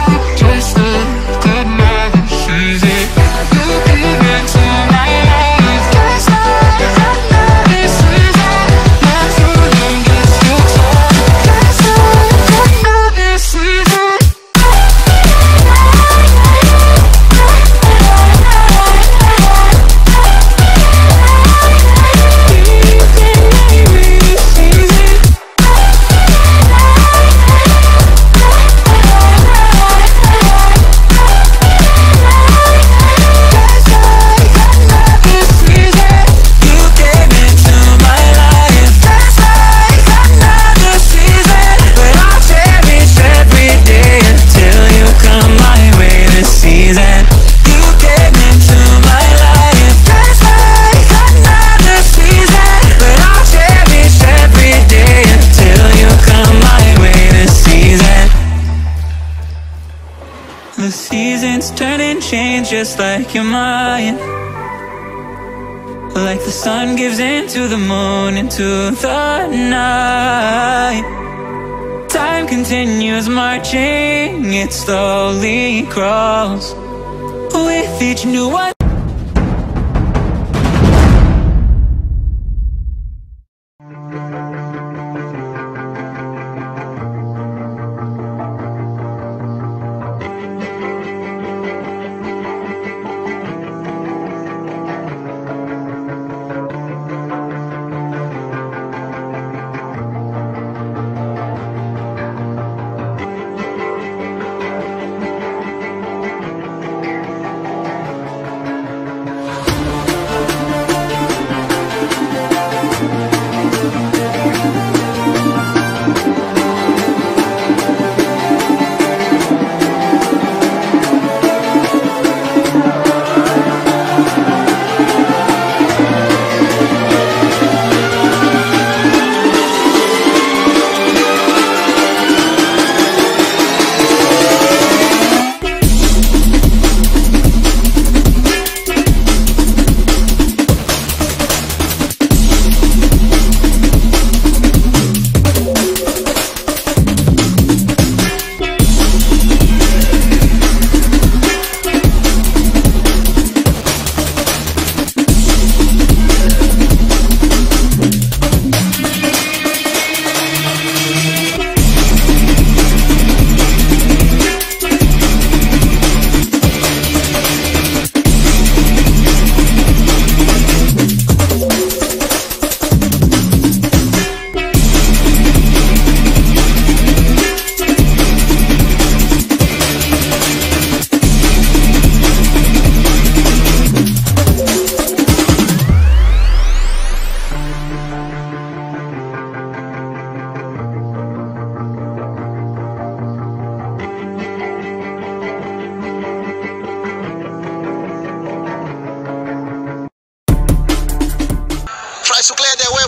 just like your the sun gives into the moon into the night Time continues marching, it slowly crawls With each new one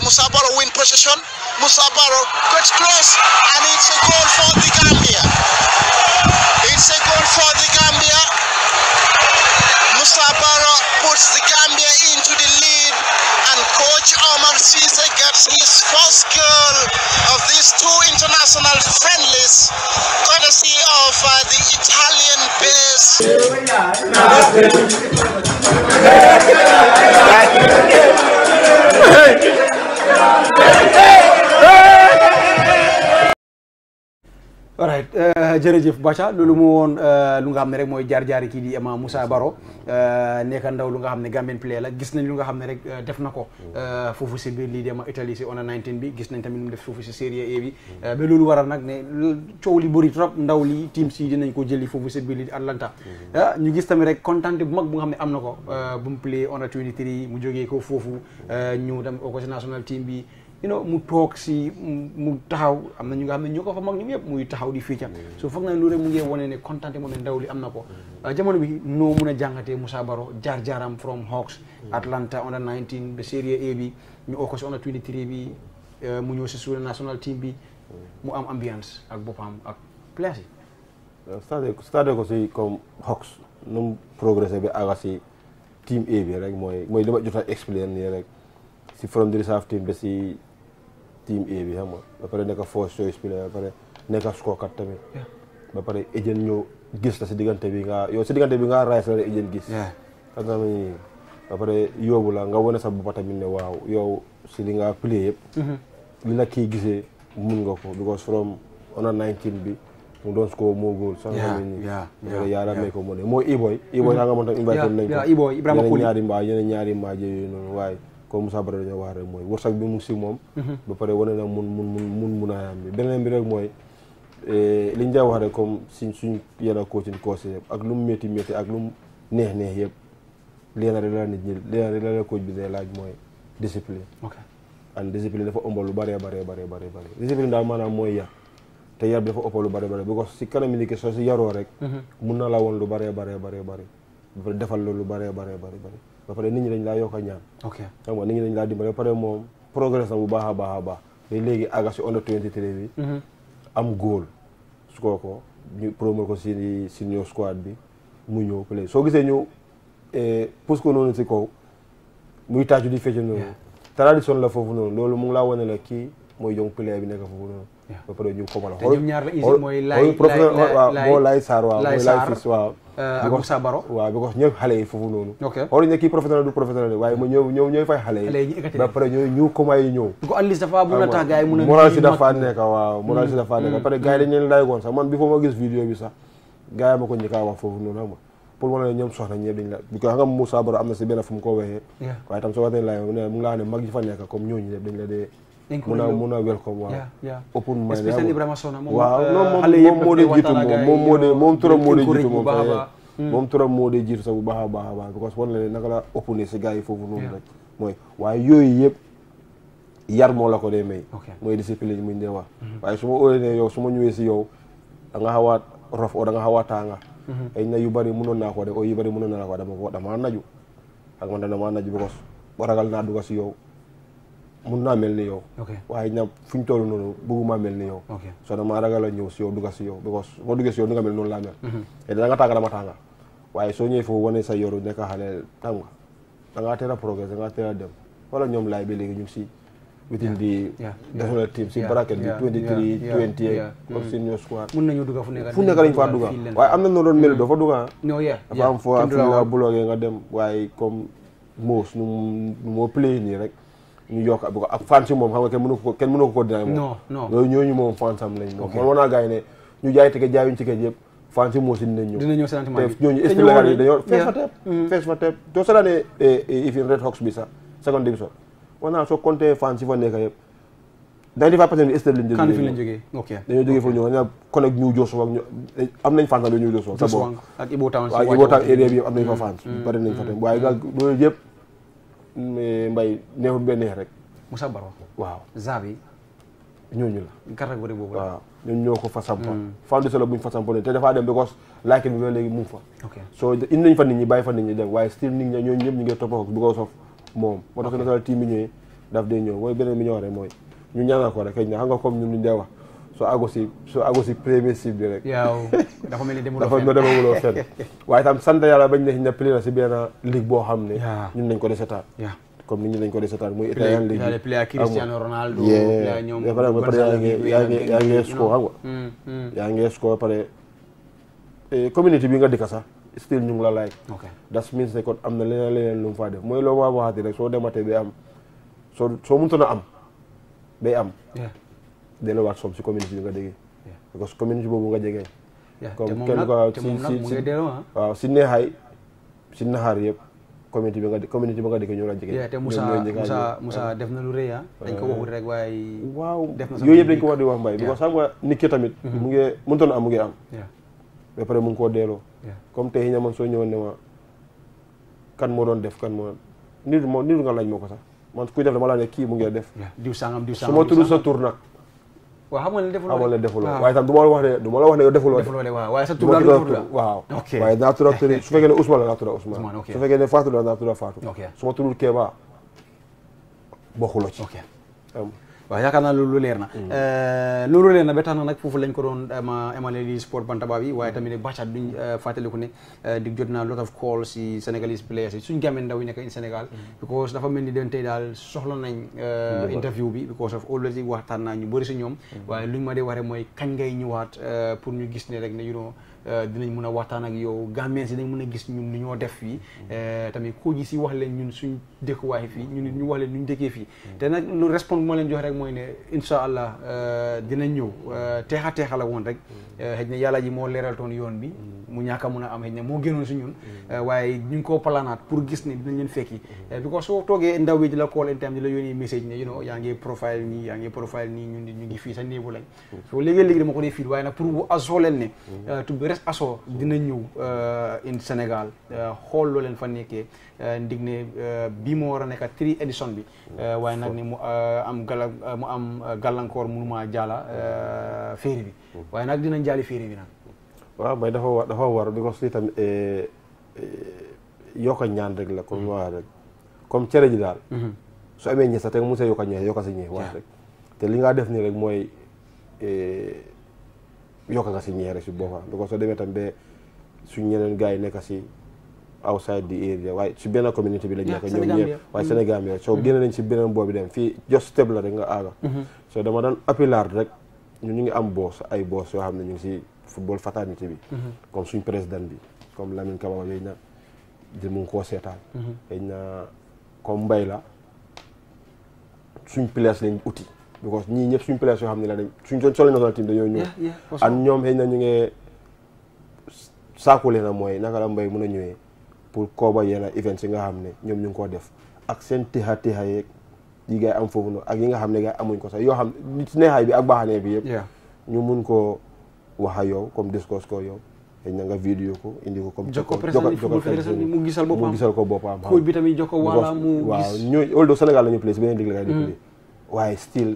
Musa Barrow win possession. Musa Barrow and it's a goal for the Gambia. It's puts the Gambia into the lead and coach Omar Cisse gets his first goal of these two international friendlies courtesy of uh, the Italian base. Hey! alright euh, jërëjëf Bacha loolu moo woon euh, lu nga xam ne rek mooy jaar-jaari kii di Emma Moussa Baro euh, nekka ndaw lu nga xam ne Gambian player la gis nañ lu nga xam ne rek def na ko foofu si biir lii di Emma si on 19 bi gis nañ tamit lu def foofu si Serie A bi ba loolu waral nag ne coow li bëri trop ndaw li team si nañ ko jëli foofu si biir lii di Atlanta mm-hmm. ah, ñu gis tamit rek kontaan bu mag bu nga xam ne am na ko bu mu play on 23 mu jogee ko foofu ñëw tamit au national team bi you know mu toog si mu taxaw am na ñu nga xam ne ñoo ko fa mag ñoom yëpp muy taxaw di fiica mm. so foog naa lu rek mu ngi wane ne am na ko mm. ah, jamono bi noo mun a jàngatee Musa jaar-jaaram from Hawks mm. Atlanta under 19 ba Serie A bi ñu oo ko si under 23 bi eh, mu ñëw si suuna national team bi mu am ambiance ak boppam ak place yi stade ko si comme Hawks nu mu progressé bi aga si team A rek mooy mooy li ma jot a expliqué nii rek si from the reserve team si team A bi xam nga ba pare nekk first choice player ba pare nekk scorekat tamit. ba pare agent ñëw gis la si diggante bi nga yow bi nga rice la de agent gis. xam nga ba pare yóbbu la nga wane sa bopp tamit ne waaw yow si li nga play yëpp. Mm-hmm. li la kii gisee mun nga ko because from under 19 bi. mu doon score moo góol sax nga mel ni yàlla may ko moo ne mooy Iboy Iboy mm-hmm. sax nga moom tam invité nañ ko Iboy ko Moussa Bara dañoo wax rek mooy wërsëg bi mu si moom mhm. ba pare wane na mun mun mun mun munaayam bi beneen bi rek mooy eh, li ñu wax rek comme suñ suñ yàlla coaching conseil lu mu métti métti ak lu mu neex neex yëpp leena rek la nit ñi la la coach bi day laaj mooy discipline and discipline dafa ëmbal lu bëree bëree bëree bëree bëri ba daal maanaam mooy yar te yar bi dafa ëppal lu bëree bëri because si kanam nit ki soo si yaroo rek mhm. mun defal la lu bëree bëree bëri ba pare nit ñi dañ laa yokk a ñaan ok xam nga nit ñi dañ laa dimbale ba pare moom progress na bu baax a baax a baax mais léegi aga si under 23 bi mhm. am góol su ko ko ñu ko si ni si senior squad bi mu ñëw play soo gisee ñu eh, pousse ko noonu si kaw muy tàccu di fecc noonu tradition la foofu noonu loolu mu laa wane la kii mooy jong player bi nekk foofu noonu ba pare ñu xamal la usine mooy. laay laay waaw laay waaye ma ñëw ñëw fay xale yi. ba pare ñooy ñu yi ñëw. du ko Aliou dafa mun a. a wax foofu noonu xam nga pour wane ne ñoom soxna ñëpp dañ la bi ko xam nga am na si benn fu ko waxee. waaye tam soo waxee laay mu ne mu laa xam ne mag yi fa nekk comme ñooñu ñëpp dañ la dee muna a welcome waaw open mind especially Ibrahima Sona moom waaw moom moo dee jiitu moom moo dee moo dee jiitu moom baax a baax a baax because wan la open si gaa yi foofu noonu rek mooy waaye yooyu yëpp yar moo la ko de may mooy discipline muñ de wax waaye su ma óolee yow su ma ñëwee si yow da nga rof o da nga xaw a tànga na yu bëri mënoon naa ko de o yu bëri mënoon naa ko dama ko dama naju ak man dama naju because ragal naa dugg si yow mun naa mel ni yow waaye na fu ñu toll noonu bëgguma mel ni yow so dama ragal a ñëw si yow dugga si yow because moo duggee si yow ni nga mel noonu laa mel mhm. te da nga tànga dama tànga soo ñëwee foofu wane sa yoru nekk xale tàng da ngaa teel a da ngaa teel a dem wala ñoom laay bi léegi ñu ngi si within di national team si bracket bi twenty three twenty eight comme mm. senior squad mun nañu dugga fu nekk fu nekk lañ faa dugga waaye am na noo doon mel doo fa dugga dafa am foo am fu nga bloqué nga dem waaye comme moos nu moo play nii rek ñu yokk ab ko ak moo si dinañ ñëw dinañ ñëw sentiment te ñooñu style yi dañoo fees fa tepp mm. fees fa tepp doo sa daanee eh, eh, ifin Red Hawks bi sax seconde division wan naa soo compté fans yi fa nekk yëpp ninety five percent bi stade lañ jógee lañ dañoo jógee foofu ñu ak ñu am nañ ak Ibo Town area bi yëpp am nañ fa mm. fans mm. bari nañ fa tam waaye nag loolu yëpp mbay neexul ba neex rek. Moussa Baro. waaw Zabi. ñooñu la. catégorie boobu la waaw ñoom ñoo ko fa sampoon. Hmm. foundation la bu ñu fa sampoon te dafaa dem because like bi ba léegi mu fa. soo indi nañ fa nit ñi bàyyi fa nit ñi dem waaye still nit ñi ñooñu ñëpp ñu ngi toppatoo because of moom. moo tax national team bi ñëwee daf day ñëw mooy beneen bi ñëw rek mooy ñu ñaanal ko rek xëy na xam nga comme ñun ñu ngi wax. soo àggu si soo àggu si premier cible rek. dafa mel ni demuloo fenn dafa demuloo fenn waaye itam sant bañ nekk si benn boo xam ne. ñun nañ ko di seetaan. ni ñu lañ ko di seetaan muy italien ligue bi. play ak Cristiano Ronaldo. ñoom yaa ngi yaa ngi score xam mm, mm. yaa ngi score pare eh, communauté bi nga dikka sax. still ñu la like. ok das means ne kon am na leneen leneen lu mu def mooy loo ma waxati rek soo dematee bay am soo soo mëntoon a am bay am. waat soom si communauté bi nga déggee. parce que boobu nga jegee. te moom nag te moom nag mu ngi delloo ah. waaw si neexaay si naxaar yëpp communauté bi nga communauté bi nga déggee ñoo la jege. te def na lu rëy ah. dañ ko waxul rek waaye. waaw yooyu yëpp dañ ko war di wax mbay. parce que xam nga tamit. Mm-hmm. mu ngi mënutoon am mu ngi am. ba pare mu ngi koo delloo. comme tey ña man soo ñëwoon ne ma kan moo doon def kan moo nit moo nit nga laaj moo ko sax man kuy def dama laa mu ngi def. diw sangam diw sangam sa tur nag. waaw xam nga ne defuloo xam nga ne defuloo waaye tam du ne du ma la wax ne yow defuloo de waaw sa tur la waaw waaye naa tudd tur su fekkee ne Ousmane la naa tudd Ousmane su fekkee ne Fatou naa tudd Fatou su ma tuddul Kéba bokkul ci waaw yaakaar naa lu leer na mm. euh, loolu leer na ba tax na nag foofu lañ ko doon euh, ma emale li sport bantaba bi waaye tamit ne bàccat duñ euh, fàttaliku ne di jot naa lot of calls si Senegalese players yi suñ gamee ndaw yi nekk in Sénégal mm. because dafa mel ni den tey daal soxla nañ interview bi because of always waxtaan naa ñu bëri si ñoom mm. waaye luñ ma dee waree mooy kañ ngay ñëwaat pour ñu gis ne rek ne you Euh, dinañ mën a waxtaan ak yow gambien si dañ mën a gis ñun lu ñoo def fii euh, tamit ko gis si wax leen ñun suñ dëkkuwaay fii ñun ñu wax leen ñu dëkkee fii mm. te nag nu réponse moo leen rek mooy ne incha allah euh, dinañ ñëw teexa teexa la woon rek mm. xëj na yàlla moo leeral toon yoon bi mm. mu ñàkk a mun a am xëj na moo si ñun waaye ñu ngi koo planaat pour gis ne dinañ leen fekki because soo toogee ndaw bi di la call in time di la yónnee message ne you know yaa ngi ñu ngi fii sa néegu lañ so léegi-léegi dama ko dee fiit waaye nag pour asoo ne aso dina ñëw euh, in Sénégal euh, xool loo leen fa nekkee euh, ndig ne bii moo war a nekk tri édition bi waaye nag ni mu am gala mu am gàllankoor mënumaa jaala féeri bi waaye nag dinañ jaali féeri bi nag waaw may dafa war dafa war because lii tam eh, eh, yokk ñaan rek la comme mm-hmm. waa comme cere ji daal mm-hmm. su amee ñe sax te mu see yokk a ñe yokk si ñe te li ngaa def nii rek mooy eh, yokk nga si ñeere si boppam because soo demee tam ba suñu ñeneen gars yi nekk si outside the area waaye si benn community bi lañ nekk ah, ñoom ñëpp waaye Sénégal bi rek mm-hmm. soo mm-hmm. génne nañ si beneen boobu dem fii just step la rek nga aaga mm-hmm. so dama daan appilaar rek ñu ñu ngi am boos ay boos yoo xam ne ñu ngi si football fraternité bi comme suñ président bi comme Lamine Kaba yooyu na di mu ngi koo seetaan yooyu na comme mbay la suñ place lañ uti because ñii ñëpp suñ players yoo xam ne la dañ suñ doon solo national team dañoo ñëw an ñoom xëy na ñu ngee saakule na mooy naka la mbay mën a ñëwee pour kooba yenn event si nga xam ne ñoom ñu ngi koo def ak seen téxa téxa yeeg yi gars yi am foofu noonu ak yi nga xam ne gars yi amuñ ko sax yoo xam ne neexaay bi ak baaxanee bi yëpp ñu mun koo wax a yow comme discours ko yow xëy na nga vidéo ko indi ko comme jokko président mu gisal boppam mu ko boppam coach bi tamit jokko wala mu gis waaw ñooñu although Sénégal waaye still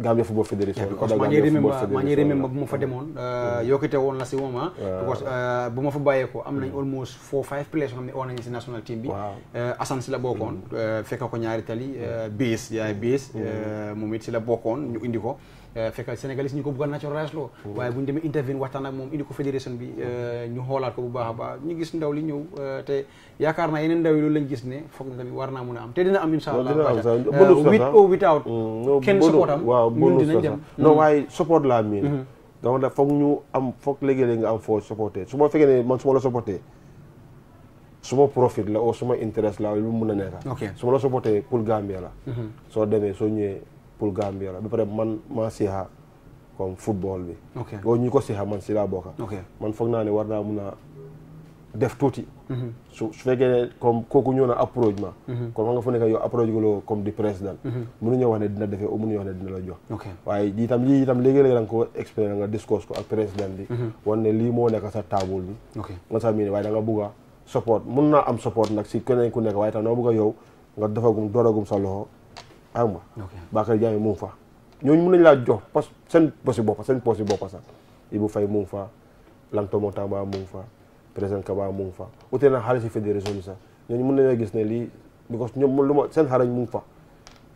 Gambia Football Federation. because maa ngi remember maa ngi remember bu ma fa demoon. Uh, yokkute woon la si moom ah. because uh, bu ma fa bàyyeekoo am nañ mm. almost four five players yoo xam ne oo nañu si national team bi. Uh, Assane si la bokkoon. Mm. fekk ko ñaari tali. Bees yaay Bees. Mm. moom it si la bokkoon ñu indi ko. Euh, fekk sénégalais ñu ko bëgg a naturaliser loo waaye bu ñu demee intervenir waxtaan ak moom indi ko fédération bi euh, ñu xoolaat ko bu baax a baax ñu gis ndaw li ñëw euh, te yaakaar naa yeneen ndaw yi loolu lañ gis ne foog na tamit war naa mun a am te dina am incha allah with or without mm, kenn support am waaye support laa miin mm-hmm. donc nag foog ñu am foog léegi-léegi nga am foo supporté su ma fekkee ne man su ma la supporté suma profit la o suma interest la lu mun a nekka su ma la supporté pour Gambia pour Gambia la ba pare man maa siha comme football bi. ok boo ñu ko siha man si laa bokk. man foog naa ne war naa mun a def tuuti. Mhm. su su fekkee ne comme kooku ñëw na approche ma. Mhm. kon nga fu nekk yow o mënuñoo mhm. wax ne dina la jox. waaye lii itam lii itam léegi-léegi da nga ko expliqué nga discours ko ak président bi. wan ne lii moo nekk sa table bi. ok nga sax miin waaye da nga a support mun naa am support nag si keneen ku nekk waaye itam da nga a yow nga defagum dooragum sa loxo. xam nga. Bakary Diagne mu ngi fa. ñooñu mën nañu laa jox poste seen poste yi bopp seen poste yi bopp sax Ibou Faye mu ngi fa Lanto Montamba mu ngi fa président Kaba mu ngi fa ute na xaalis yi fédération bi sax ñooñu mën nañu la gis ne lii because ñoom lu ma mu ngi fa.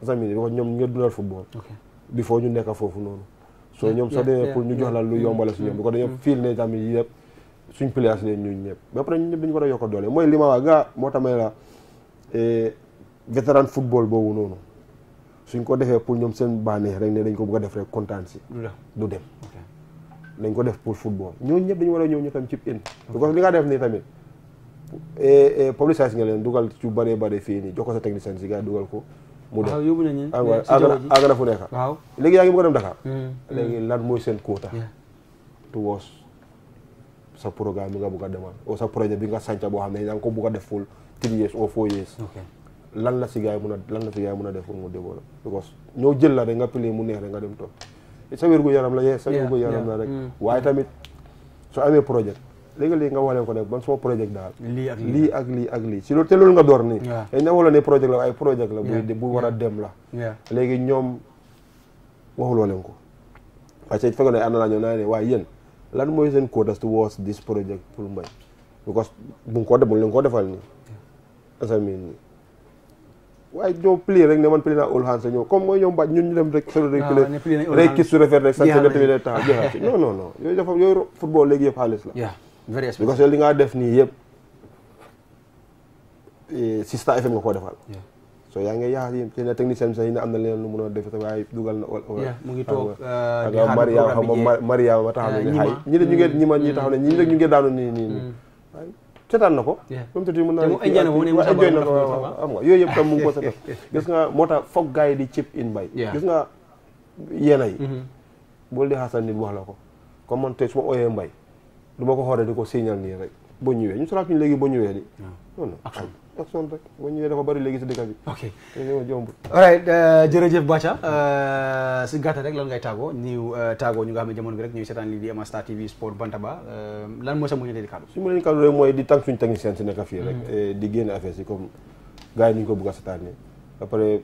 samedi because ñoom ñoo dundal football. bi foo ñu nekk foofu noonu. soo ñoom soo demee pour ñu jox la lu yombale si ñoom. Mm. because dañoo mm. fiil ne tamit yi yëpp suñ place leen ñun ñëpp ba pare ñun ñëpp dañu war a yokk doole mooy li ma wax gaa moo tax la eh, boobu noonu. suñ ko defee pour ñoom seen bànneex rek ne dañ ko bëgg a def rek kontaan si du dem dañ ko def pour football ñooñu ñëpp dañu war a ñëw ñu tam ci in parce li nga def nii tamit eh, eh, publicité nga leen dugal ci bare bëri fii nii jox ko sa technicien si gars dugal ko mu dem ah, yóbbu nañu àgg na fu nekk waaw léegi yaa ngi bëgg a dem Dakar mm, mm. léegi lan mooy seen quota tu woos sa programme bi nga bëgg a demal o sa projet bi nga sànca boo xam ne yaa ngi ko bëgg a def ful three years ou lan la si gars yi mun a lan la si gars mun a def pour mu développé because ñoo jël nga pili mu neex rek nga dem toog sa wér yaram la sa wér yaram la rek mm. waaye tamit soo amee projet léegi-léegi nga wax ko nag ban sama projet daal lii ak lii ak lii ak lii si loolu te loolu nga door nii dañ na wala projet la ay projet la bu bu war a dem la léegi ñoom waxuloo leen ko parce que fekkoon naa waaye yéen lan mooy seen quotas towards this project pour mbay because bu nga ko def bu leen ko defal nii nii waaye doo pli rek ne man pli naa all hands ñëw comme mooy ñoom baaj ñun ñu dem rek solo rek rek ki su rafet rek sant nga tamit day taxaw yooyu dafa football léegi yëpp xaalis la parce que li nga def nii yëpp eh, si Star FM nga koo defal so yaa ngi yaa ci ne technicien bi sax yi ne am na leneen lu mun a def te waaye dugal na mu ngi toog di Maria xam nga eh, Maria eh, ma taxaw ne ñi ñu ngi ñi ma ñi mm. taxaw ne ñi rek ñu ngi daanu nii nii nii mm. seetaan na ko même tati naa ay jooy na ko am nga yooyu yëpp tam mu ngi sa def gis nga moo tax foog gars yi di chip in bay gis nga yeena yi mm-hmm. bul di xaasal nit wax la ko comme man tey su ooyee mbay du ma ko xooree di ko signal nii rek boo ñëwee ñu saraat ñu léegi boo ñëwee di non Epson rek boo ñëwee dafa bari léegi si dëkk bi. ok dañoo jomb. alright euh, jërëjëf Bacha euh, si gàttal rek lan ngay tàggoo ñu euh, tàggoo ñu nga xam ne jamono bi rek ñuy seetaan lii di Emma Star TV sport Bantaba lan mooy sa mu ñu leen kàddu. su ma leen kàddu rek mooy di tànk suñu si nekk fii rek. Hmm. di génn affaire si comme gars yi ñu ko bëgg a seetaanee après.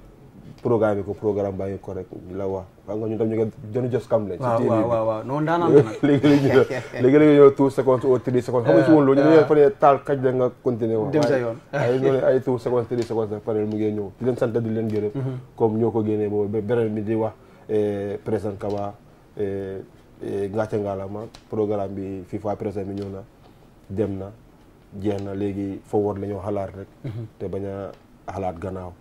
programme ko programme baa ngi correct la wax xam nga ñun tam ñu ngi jënd jos kam la. waaw waaw waaw non daanaka nag. léegi léegi ñu léegi ñëw two seconds ou three seconds. xam si woon loolu ñu ngi fa taal kaj la nga continuer woon. ay two seconds three seconds nag pare mu ngi ñëw di leen sant di leen gërëm. Mm-hmm. comme ñoo ko génnee boobu beneen bi di wax eh, président Kaba eh, eh, ngàcce ngaalama programme bi FIFA président bi ñëw na dem na jeex na léegi forward la ñoo xalaat rek. Mm-hmm. te bañ a xalaat gannaaw.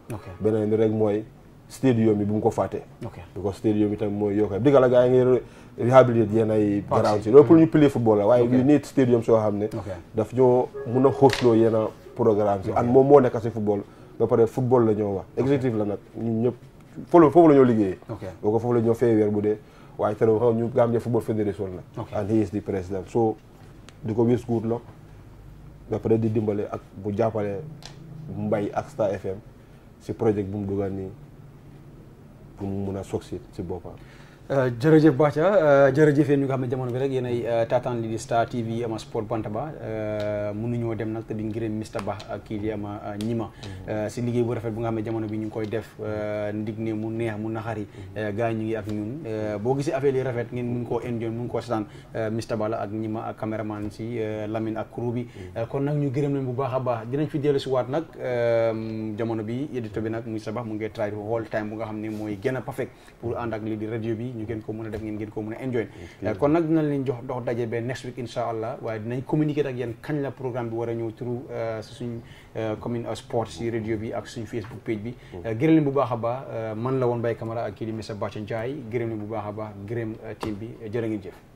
beneen bi rek mooy stadium bi bu mu ko fàtte. ok parce que stadium bi tam mooy yokk dëgg la gars yi ngeen réhabilité yenn ay. ground si loolu pour ñu play football la waaye yu nit stadium soo xam ne. daf ñoo mun a xóosloo yenn programme si. an moom moo nekk si football ba pare football la ñoo wax. exécutif la nag ñu ñëpp foofu la ñoo liggéeyee. ok boo foofu la ñoo fay bu dee. waaye te xam ñu Gambia Football Federation la. and he so di ko wis guut la ba pare di dimbale ak bu jàppale. mbay ak FM si projet bu mu dugal nii pour mu mun a succès si boppam. Euh, jërëjëf Bathia euh, jërëjëf yéen ñu nga xam ne jamono bi rek yéen ay euh, taataan li di Star TV ama sport Bantaba mënuñoo dem nag te duñ gërëm Mr Ba kii di ama ñima mm-hmm. si liggéey bu rafet bu nga xam ne jamono bi ñu ngi koy def ndig ne mu neex mu naxari mm-hmm. gars yi ñu ngi ak ñun boo gisee affaire yi rafet ngeen mun koo enjoy mun koo setaan Mr Ba la ak ñima ak caméraman si Lamine ak crew bi mm-hmm. kon nag ñu gërëm leen bu baax a baax dinañ fi dellu si waat nag jamono bi édito bi nag Mr Ba mu ngi try whole time bu nga xam ne mooy gën a pour ànd ak lii di radio bi ñu gën ko mën a def ngeen gën ko mën a enjoy euh, kon nag dinañ leen jox dox daje ba next week incha allah waaye dinañ communiquer ak yéen kañ la programme bi war a ñëw turu euh, si suñ euh, commune sport si radio bi ak suñ facebook page bi gërëm leen bu baax a baax man la woon Bay Camara ak kii di Mr Bacha Ndiaye gërëm leen bu baax a baax gërëm team bi jërë ngi jëf